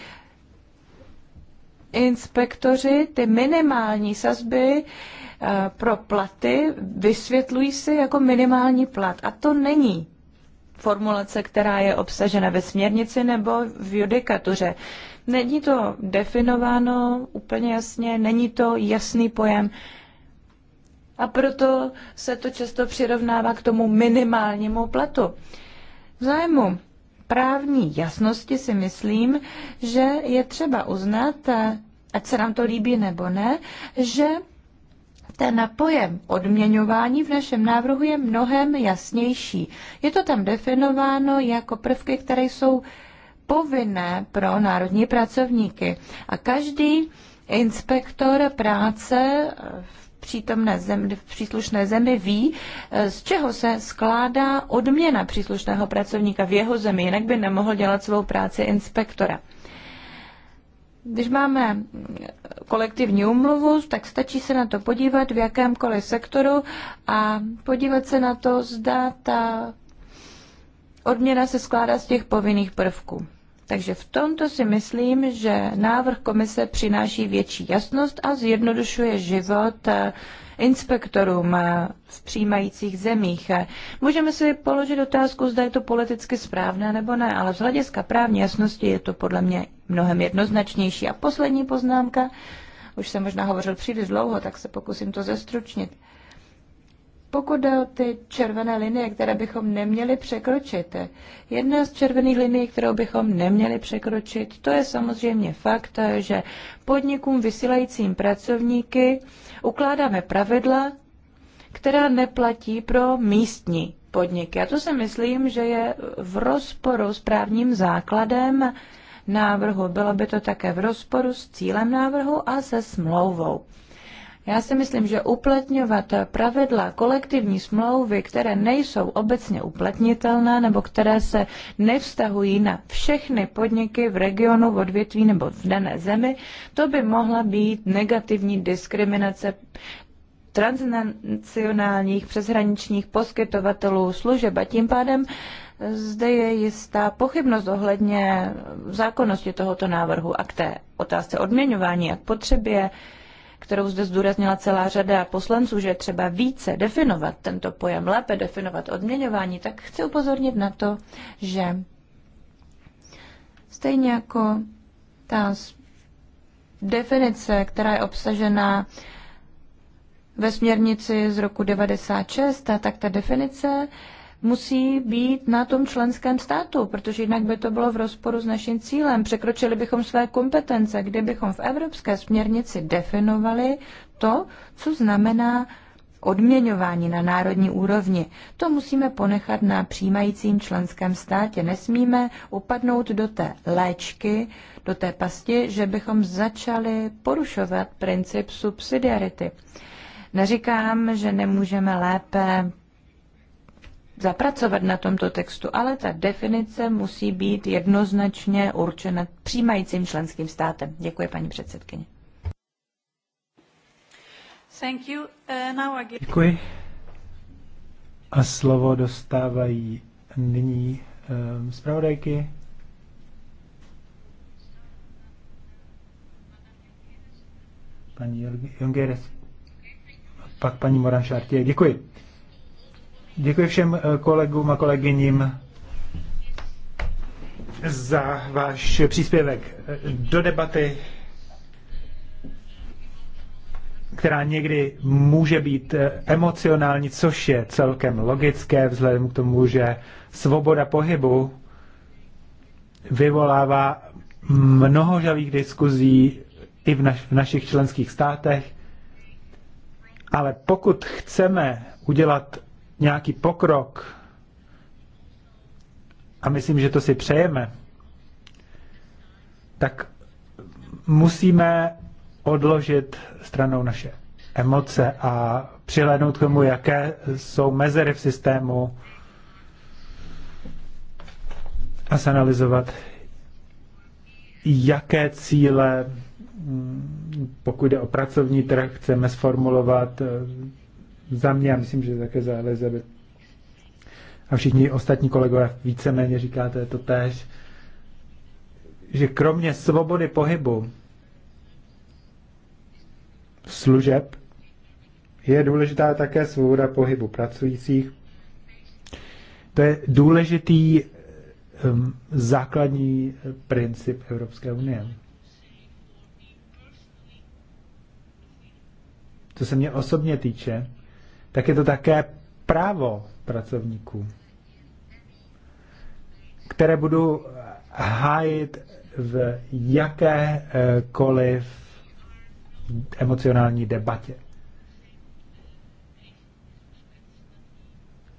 inspektoři ty minimální sazby eh, pro platy vysvětlují si jako minimální plat. A to není formulace, která je obsažena ve směrnici nebo v judikatuře. Není to definováno úplně jasně, není to jasný pojem. A proto se to často přirovnává k tomu minimálnímu platu. V zájmu právní jasnosti si myslím, že je třeba uznat, ať se nám to líbí nebo ne, že ten pojem odměňování v našem návrhu je mnohem jasnější. Je to tam definováno jako prvky, které jsou povinné pro národní pracovníky. A každý inspektor práce v přítomné zemi, v příslušné zemi ví, z čeho se skládá odměna příslušného pracovníka v jeho zemi, jinak by nemohl dělat svou práci inspektora. Když máme kolektivní umluvu, tak stačí se na to podívat v jakémkoliv sektoru a podívat se na to, zda ta odměna se skládá z těch povinných prvků. Takže v tomto si myslím, že návrh komise přináší větší jasnost a zjednodušuje život eh, inspektorům eh, v přijímajících zemích. Můžeme si položit otázku, zda je to politicky správné nebo ne, ale z hlediska právní jasnosti je to podle mě mnohem jednoznačnější. A poslední poznámka, už jsem možná hovořil příliš dlouho, tak se pokusím to zestručnit. Pokud jde o ty červené linie, které bychom neměli překročit, jedna z červených linií, kterou bychom neměli překročit, to je samozřejmě fakt, že podnikům vysílajícím pracovníky ukládáme pravidla, která neplatí pro místní podniky. A to si myslím, že je v rozporu s právním základem návrhu. Bylo by to také v rozporu s cílem návrhu a se smlouvou. Já si myslím, že uplatňovat pravidla kolektivní smlouvy, které nejsou obecně uplatnitelné nebo které se nevztahují na všechny podniky v regionu, v odvětví nebo v dané zemi, to by mohla být negativní diskriminace transnacionálních přeshraničních poskytovatelů služeb a tím pádem zde je jistá pochybnost ohledně zákonnosti tohoto návrhu a k té otázce odměňování a k potřebě, kterou zde zdůraznila celá řada poslanců, že je třeba více definovat tento pojem, lépe definovat odměňování, tak chci upozornit na to, že stejně jako ta definice, která je obsažena ve směrnici z roku 96, tak ta definice musí být na tom členském státu, protože jinak by to bylo v rozporu s naším cílem. Překročili bychom své kompetence, kdybychom v evropské směrnici definovali to, co znamená odměňování na národní úrovni. To musíme ponechat na přijímajícím členském státě. Nesmíme upadnout do té léčky, do té pasti, že bychom začali porušovat princip subsidiarity. Neříkám, že nemůžeme lépe zapracovat na tomto textu, ale ta definice musí být jednoznačně určena přijímajícím členským státem. Děkuji, paní předsedkyně. Uh, Děkuji. A slovo dostávají nyní um, zpravodajky. Paní Jongeres, pak paní Moran Šartě. Děkuji. Děkuji všem eh, kolegům a kolegyním za váš příspěvek eh, do debaty, která někdy může být eh, emocionální, což je celkem logické, vzhledem k tomu, že svoboda pohybu vyvolává mnoho žavých diskuzí i v, naš, v našich členských státech. Ale pokud chceme udělat nějaký pokrok, a myslím, že to si přejeme, tak musíme odložit stranou naše emoce a přihlédnout k tomu, jaké jsou mezery v systému a zanalizovat, jaké cíle, mm, pokud jde o pracovní trh, chceme sformulovat, eh, za mě a myslím, že také za Elizabeth. A všichni ostatní kolegové víceméně říkáte to též, že kromě svobody pohybu služeb je důležitá také svoboda pohybu pracujících. To je důležitý um, základní princip Evropské unie. Co se mě osobně týče, tak je to také právo pracovníků, které budu hájit v jakékoliv emocionální debatě.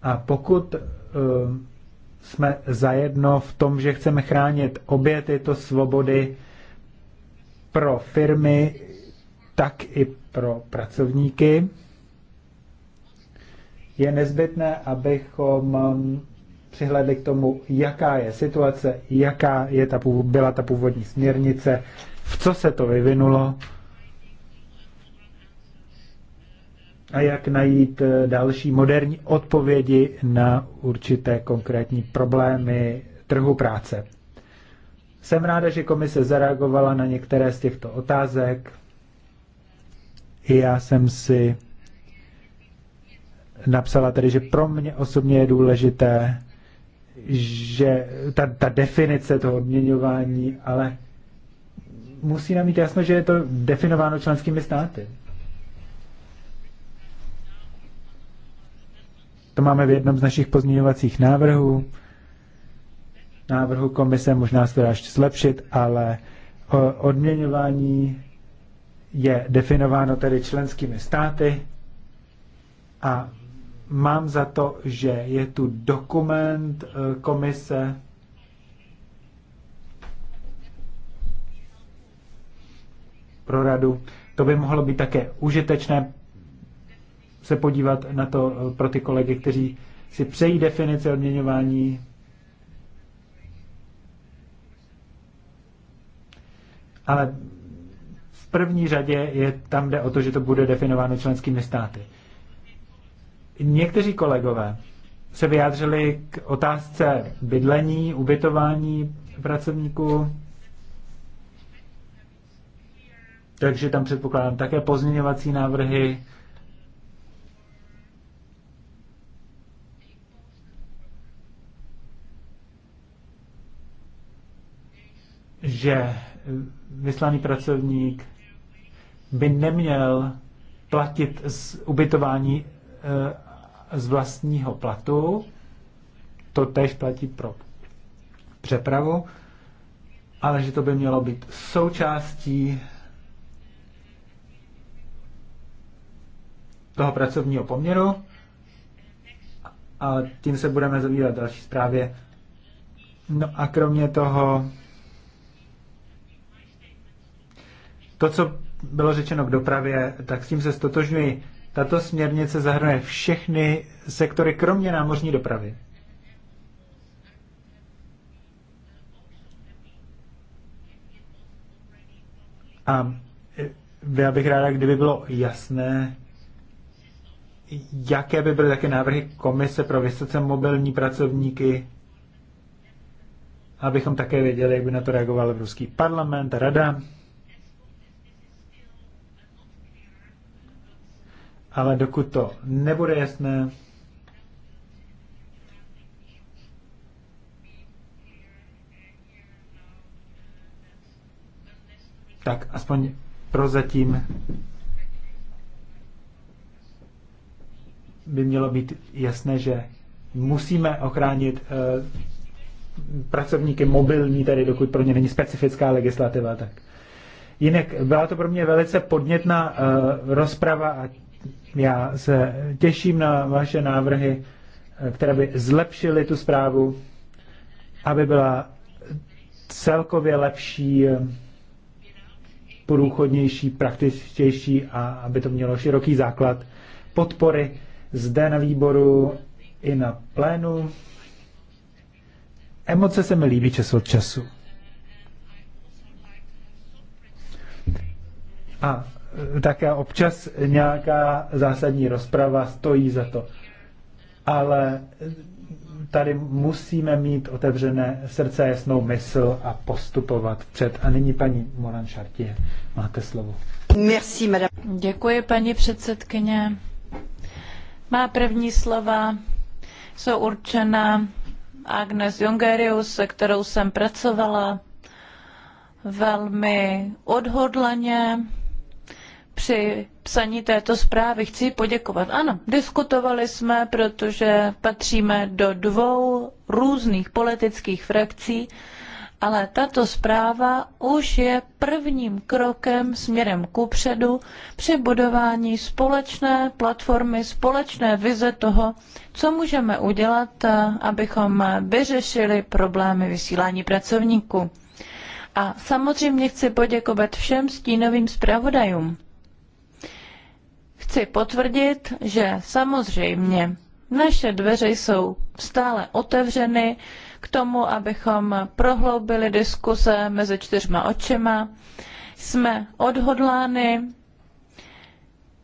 A pokud uh, jsme zajedno v tom, že chceme chránit obě tyto svobody pro firmy, tak i pro pracovníky, je nezbytné, abychom um, přihledli k tomu, jaká je situace, jaká je ta, byla ta původní směrnice, v co se to vyvinulo a jak najít eh, další moderní odpovědi na určité konkrétní problémy trhu práce. Jsem ráda, že komise zareagovala na některé z těchto otázek. I já jsem si napsala tedy, že pro mě osobně je důležité, že ta, ta definice toho odměňování, ale musí nám mít jasno, že je to definováno členskými státy. To máme v jednom z našich pozměňovacích návrhů. Návrhu komise možná se dá až zlepšit, ale odměňování je definováno tedy členskými státy a mám za to, že je tu dokument eh, komise, pro radu. To by mohlo být také užitečné se podívat na to eh, pro ty kolegy, kteří si přejí definice odměňování. Ale v první řadě je tam jde o to, že to bude definováno členskými státy. Někteří kolegové se vyjádřili k otázce bydlení, ubytování pracovníků. Takže tam předpokládám také pozměňovací návrhy. že vyslaný pracovník by neměl platit z ubytování eh, z vlastního platu, to tež platí pro přepravu, ale že to by mělo být součástí toho pracovního poměru a tím se budeme zabývat další zprávě. No a kromě toho, to, co bylo řečeno k dopravě, tak s tím se stotožňuji. Tato směrnice zahrnuje všechny sektory, kromě námořní dopravy. A já bych ráda, kdyby bylo jasné, jaké by byly také návrhy komise pro vysoce mobilní pracovníky, abychom také věděli, jak by na to reagoval Evropský parlament, rada. ale dokud to nebude jasné, tak aspoň prozatím by mělo být jasné, že musíme ochránit eh, pracovníky mobilní, tedy dokud pro ně není specifická legislativa, tak Jinak byla to pro mě velice podnětná e, rozprava a já se těším na vaše návrhy, které by zlepšily tu zprávu, aby byla celkově lepší, průchodnější, praktičtější a aby to mělo široký základ podpory zde na výboru i na plénu. Emoce se mi líbí čas od času. A také občas nějaká zásadní rozprava stojí za to. Ale tady musíme mít otevřené srdce, jasnou mysl a postupovat před. A nyní paní Moran Šartě, máte slovo. Merci, madame. Děkuji, paní předsedkyně. Má první slova jsou určena Agnes Jungerius, se kterou jsem pracovala velmi odhodlaně při psaní této zprávy chci poděkovat. Ano, diskutovali jsme, protože patříme do dvou různých politických frakcí, ale tato zpráva už je prvním krokem směrem kupředu při budování společné platformy, společné vize toho, co můžeme udělat, abychom vyřešili problémy vysílání pracovníků. A samozřejmě chci poděkovat všem stínovým zpravodajům. Chci potvrdit, že samozřejmě naše dveře jsou stále otevřeny k tomu, abychom prohloubili diskuse mezi čtyřma očima. Jsme odhodlány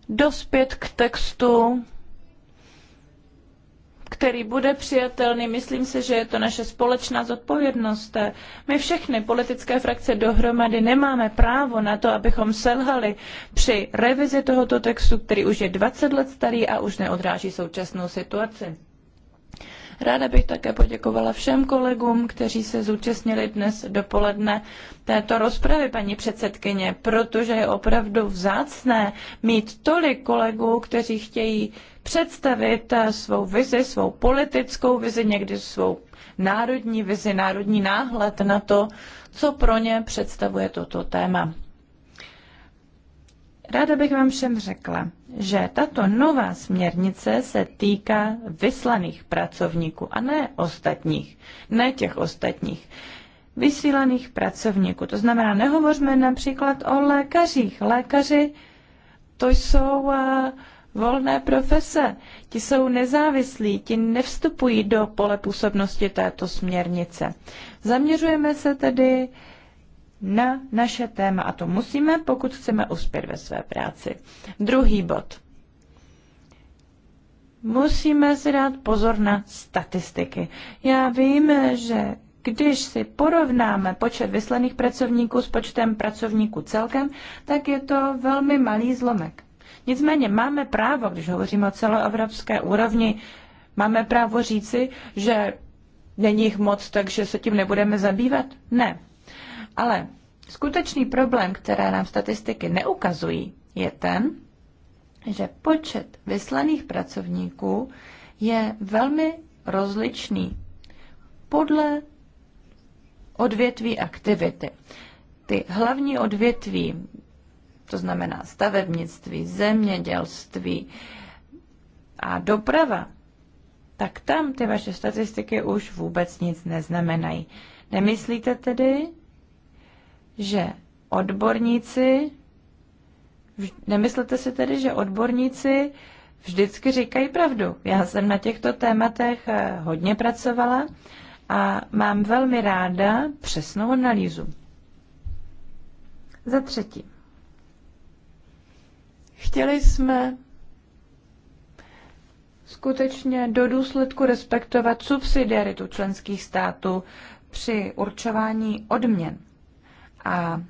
dospět k textu, který bude přijatelný. Myslím si, že je to naše společná zodpovědnost. My všechny politické frakce dohromady nemáme právo na to, abychom selhali při revizi tohoto textu, který už je 20 let starý a už neodráží současnou situaci. Ráda bych také poděkovala všem kolegům, kteří se zúčastnili dnes dopoledne této rozpravy, paní předsedkyně, protože je opravdu vzácné mít tolik kolegů, kteří chtějí představit svou vizi, svou politickou vizi, někdy svou národní vizi, národní náhled na to, co pro ně představuje toto téma. Ráda bych vám všem řekla, že tato nová směrnice se týká vyslaných pracovníků a ne ostatních, ne těch ostatních vysílaných pracovníků. To znamená, nehovořme například o lékařích. Lékaři to jsou eh, volné profese. Ti jsou nezávislí, ti nevstupují do pole působnosti této směrnice. Zaměřujeme se tedy na naše téma a to musíme, pokud chceme uspět ve své práci. Druhý bod. Musíme si dát pozor na statistiky. Já vím, že když si porovnáme počet vyslaných pracovníků s počtem pracovníků celkem, tak je to velmi malý zlomek. Nicméně máme právo, když hovoříme o celoevropské úrovni, máme právo říci, že není jich moc, takže se tím nebudeme zabývat? Ne. Ale skutečný problém, které nám statistiky neukazují, je ten, že počet vyslaných pracovníků je velmi rozličný podle odvětví aktivity. Ty hlavní odvětví, to znamená stavebnictví, zemědělství a doprava, tak tam ty vaše statistiky už vůbec nic neznamenají. Nemyslíte tedy, že odborníci, nemyslete si tedy, že odborníci vždycky říkají pravdu. Já jsem na těchto tématech eh, hodně pracovala a mám velmi ráda přesnou analýzu. Za třetí. Chtěli jsme skutečně do důsledku respektovat subsidiaritu členských států při určování odměn a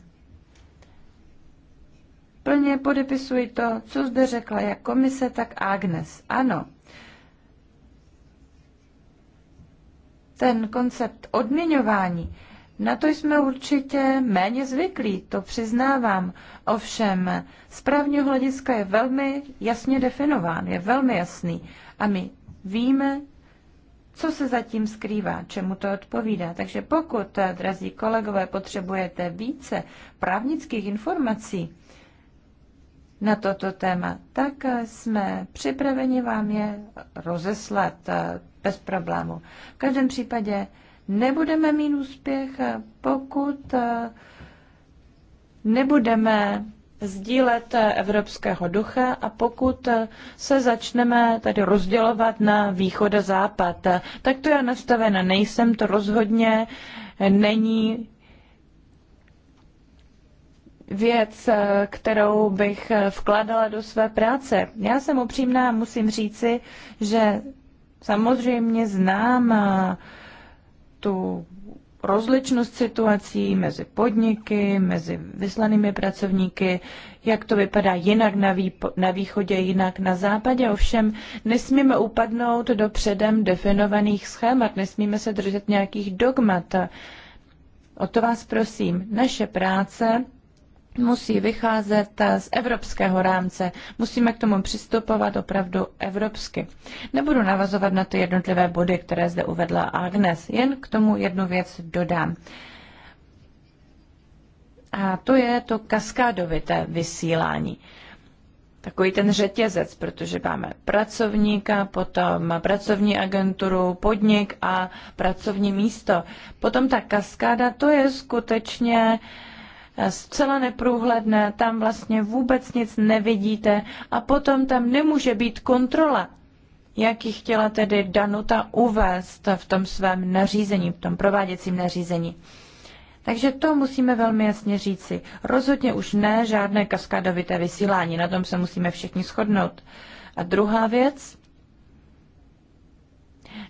plně podepisuji to, co zde řekla jak komise, tak Agnes. Ano, ten koncept odměňování, na to jsme určitě méně zvyklí, to přiznávám. Ovšem, z právního hlediska je velmi jasně definován, je velmi jasný. A my víme, co se zatím skrývá, čemu to odpovídá. Takže pokud, drazí kolegové, potřebujete více právnických informací na toto téma, tak jsme připraveni vám je rozeslat eh, bez problému. V každém případě nebudeme mít úspěch, eh, pokud eh, nebudeme sdílet evropského ducha a pokud se začneme tady rozdělovat na východ a západ, tak to já nastavena nejsem, to rozhodně není věc, kterou bych vkládala do své práce. Já jsem upřímná, musím říci, že samozřejmě znám tu rozličnost situací mezi podniky, mezi vyslanými pracovníky, jak to vypadá jinak na, výpo, na východě, jinak na západě. Ovšem nesmíme upadnout do předem definovaných schémat, nesmíme se držet nějakých dogmat. O to vás prosím. Naše práce musí vycházet z evropského rámce. Musíme k tomu přistupovat opravdu evropsky. Nebudu navazovat na ty jednotlivé body, které zde uvedla Agnes, jen k tomu jednu věc dodám. A to je to kaskádovité vysílání. Takový ten řetězec, protože máme pracovníka, potom pracovní agenturu, podnik a pracovní místo. Potom ta kaskáda, to je skutečně uh, Eh, zcela neprůhledné, tam vlastně vůbec nic nevidíte a potom tam nemůže být kontrola, jak ji chtěla tedy Danuta uvést v tom svém nařízení, v tom prováděcím nařízení. Takže to musíme velmi jasně říci. Rozhodně už ne žádné kaskádovité vysílání, na tom se musíme všichni shodnout. A druhá věc,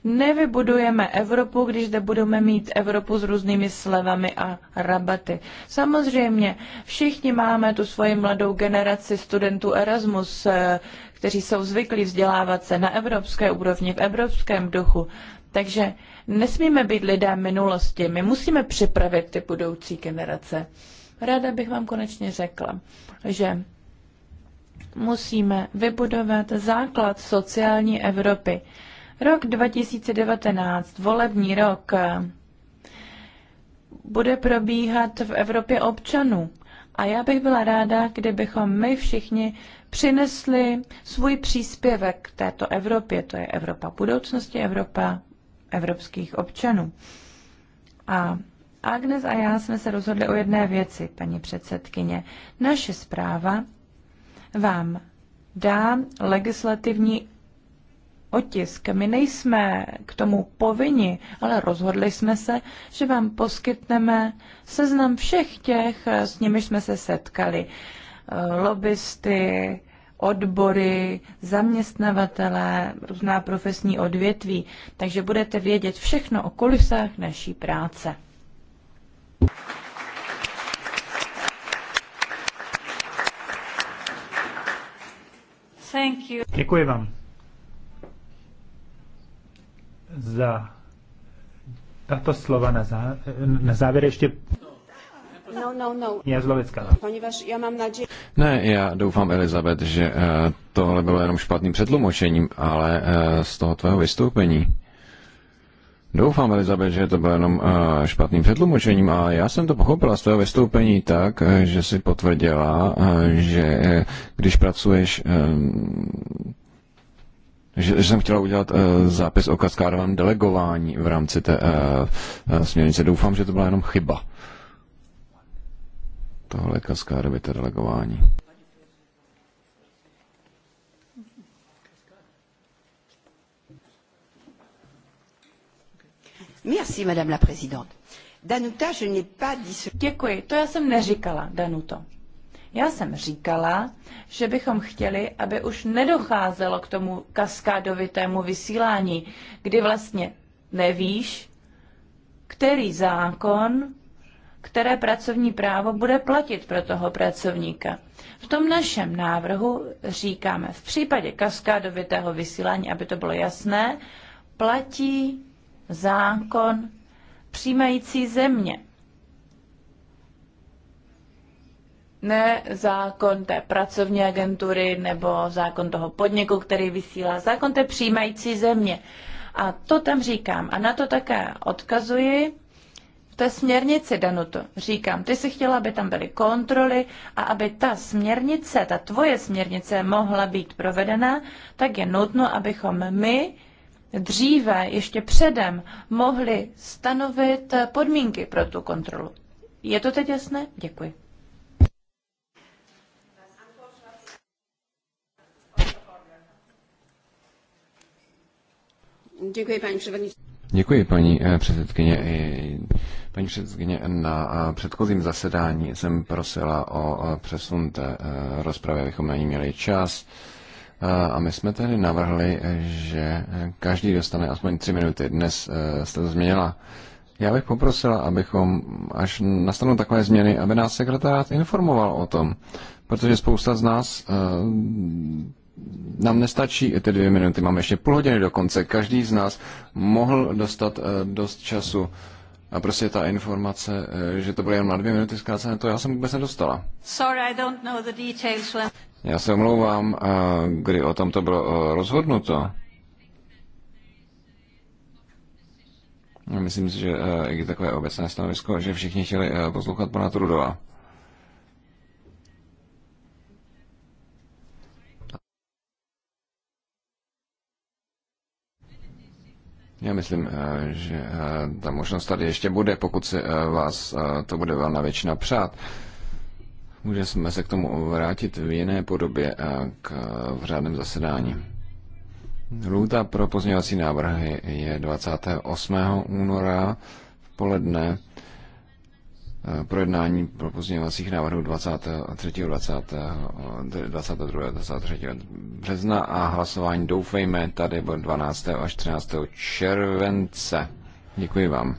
Nevybudujeme Evropu, když zde budeme mít Evropu s různými slevami a rabaty. Samozřejmě, všichni máme tu svoji mladou generaci studentů Erasmus, eh, kteří jsou zvyklí vzdělávat se na evropské úrovni, v evropském duchu. Takže nesmíme být lidé minulosti, my musíme připravit ty budoucí generace. Ráda bych vám konečně řekla, že musíme vybudovat základ sociální Evropy. Rok 2019, volební rok, bude probíhat v Evropě občanů. A já bych byla ráda, kdybychom my všichni přinesli svůj příspěvek k této Evropě. To je Evropa budoucnosti, Evropa evropských občanů. A Agnes a já jsme se rozhodli o jedné věci, paní předsedkyně. Naše zpráva vám dá legislativní otisk. My nejsme k tomu povinni, ale rozhodli jsme se, že vám poskytneme seznam všech těch, s nimi jsme se setkali. Lobbysty, odbory, zaměstnavatele, různá profesní odvětví. Takže budete vědět všechno o kulisách naší práce. Děkuji vám za tato slova na, zá, na závěr ještě No, no, no. Poněvadž já mám naději... Ne, já doufám, Elizabet, že eh, tohle bylo jenom špatným předlumočením, ale eh, z toho tvého vystoupení. Doufám, Elizabet, že to bylo jenom eh, špatným předlumočením, a já jsem to pochopila z tvého vystoupení tak, že si potvrdila, že když pracuješ že, že jsem chtěla udělat uh, zápis o kaskádovém delegování v rámci té uh, uh, směrnice. Doufám, že to byla jenom chyba. Tohle kaskádové to delegování. Merci, madame la présidente. Danuta, je n'ai pas dit... Děkuji, to já jsem neříkala, Danuto. Já jsem říkala, že bychom chtěli, aby už nedocházelo k tomu kaskádovitému vysílání, kdy vlastně nevíš, který zákon, které pracovní právo bude platit pro toho pracovníka. V tom našem návrhu říkáme, v případě kaskádovitého vysílání, aby to bylo jasné, platí zákon přijímající země. Ne zákon té pracovní agentury nebo zákon toho podniku, který vysílá, zákon té přijímající země. A to tam říkám. A na to také odkazuji v té směrnici, Danuto. Říkám, ty si chtěla, aby tam byly kontroly a aby ta směrnice, ta tvoje směrnice mohla být provedena, tak je nutno, abychom my dříve, ještě předem, mohli stanovit podmínky pro tu kontrolu. Je to teď jasné? Děkuji. Děkuji, paní předsedkyně. Děkuji, paní eh, předsedkyně. Paní předsedkyně, na eh, předchozím zasedání jsem prosila o přesun té eh, rozpravy, abychom na ní měli čas. A my jsme tedy navrhli, že každý dostane aspoň tři minuty. Dnes jste to změnila. Já bych poprosila, abychom, až nastanou takové změny, aby nás sekretář informoval o tom, protože spousta z nás nám nestačí ty dvě minuty, máme ještě půl hodiny do konce. Každý z nás mohl dostat eh, dost času. A prostě ta informace, eh, že to bylo jenom na dvě minuty zkrácené, to já jsem vůbec nedostala. Sorry, I don't know the details when... Já se omlouvám, eh, kdy o tom to bylo rozhodnuto. Myslím si, že i takové obecné stanovisko, že všichni chtěli poslouchat pana Trudova. Já myslím, eh, že eh, ta možnost tady ještě bude, pokud se eh, vás to bude velná většina přát. Můžeme se k tomu vrátit v jiné podobě a k, v řádném zasedání. Lůta pro pozměňovací návrhy je 28. února v poledne Eh, projednání pro pozměňovacích návrhů 23. 20. 22. 23. března a hlasování doufejme tady 12. až 13. července. Děkuji vám.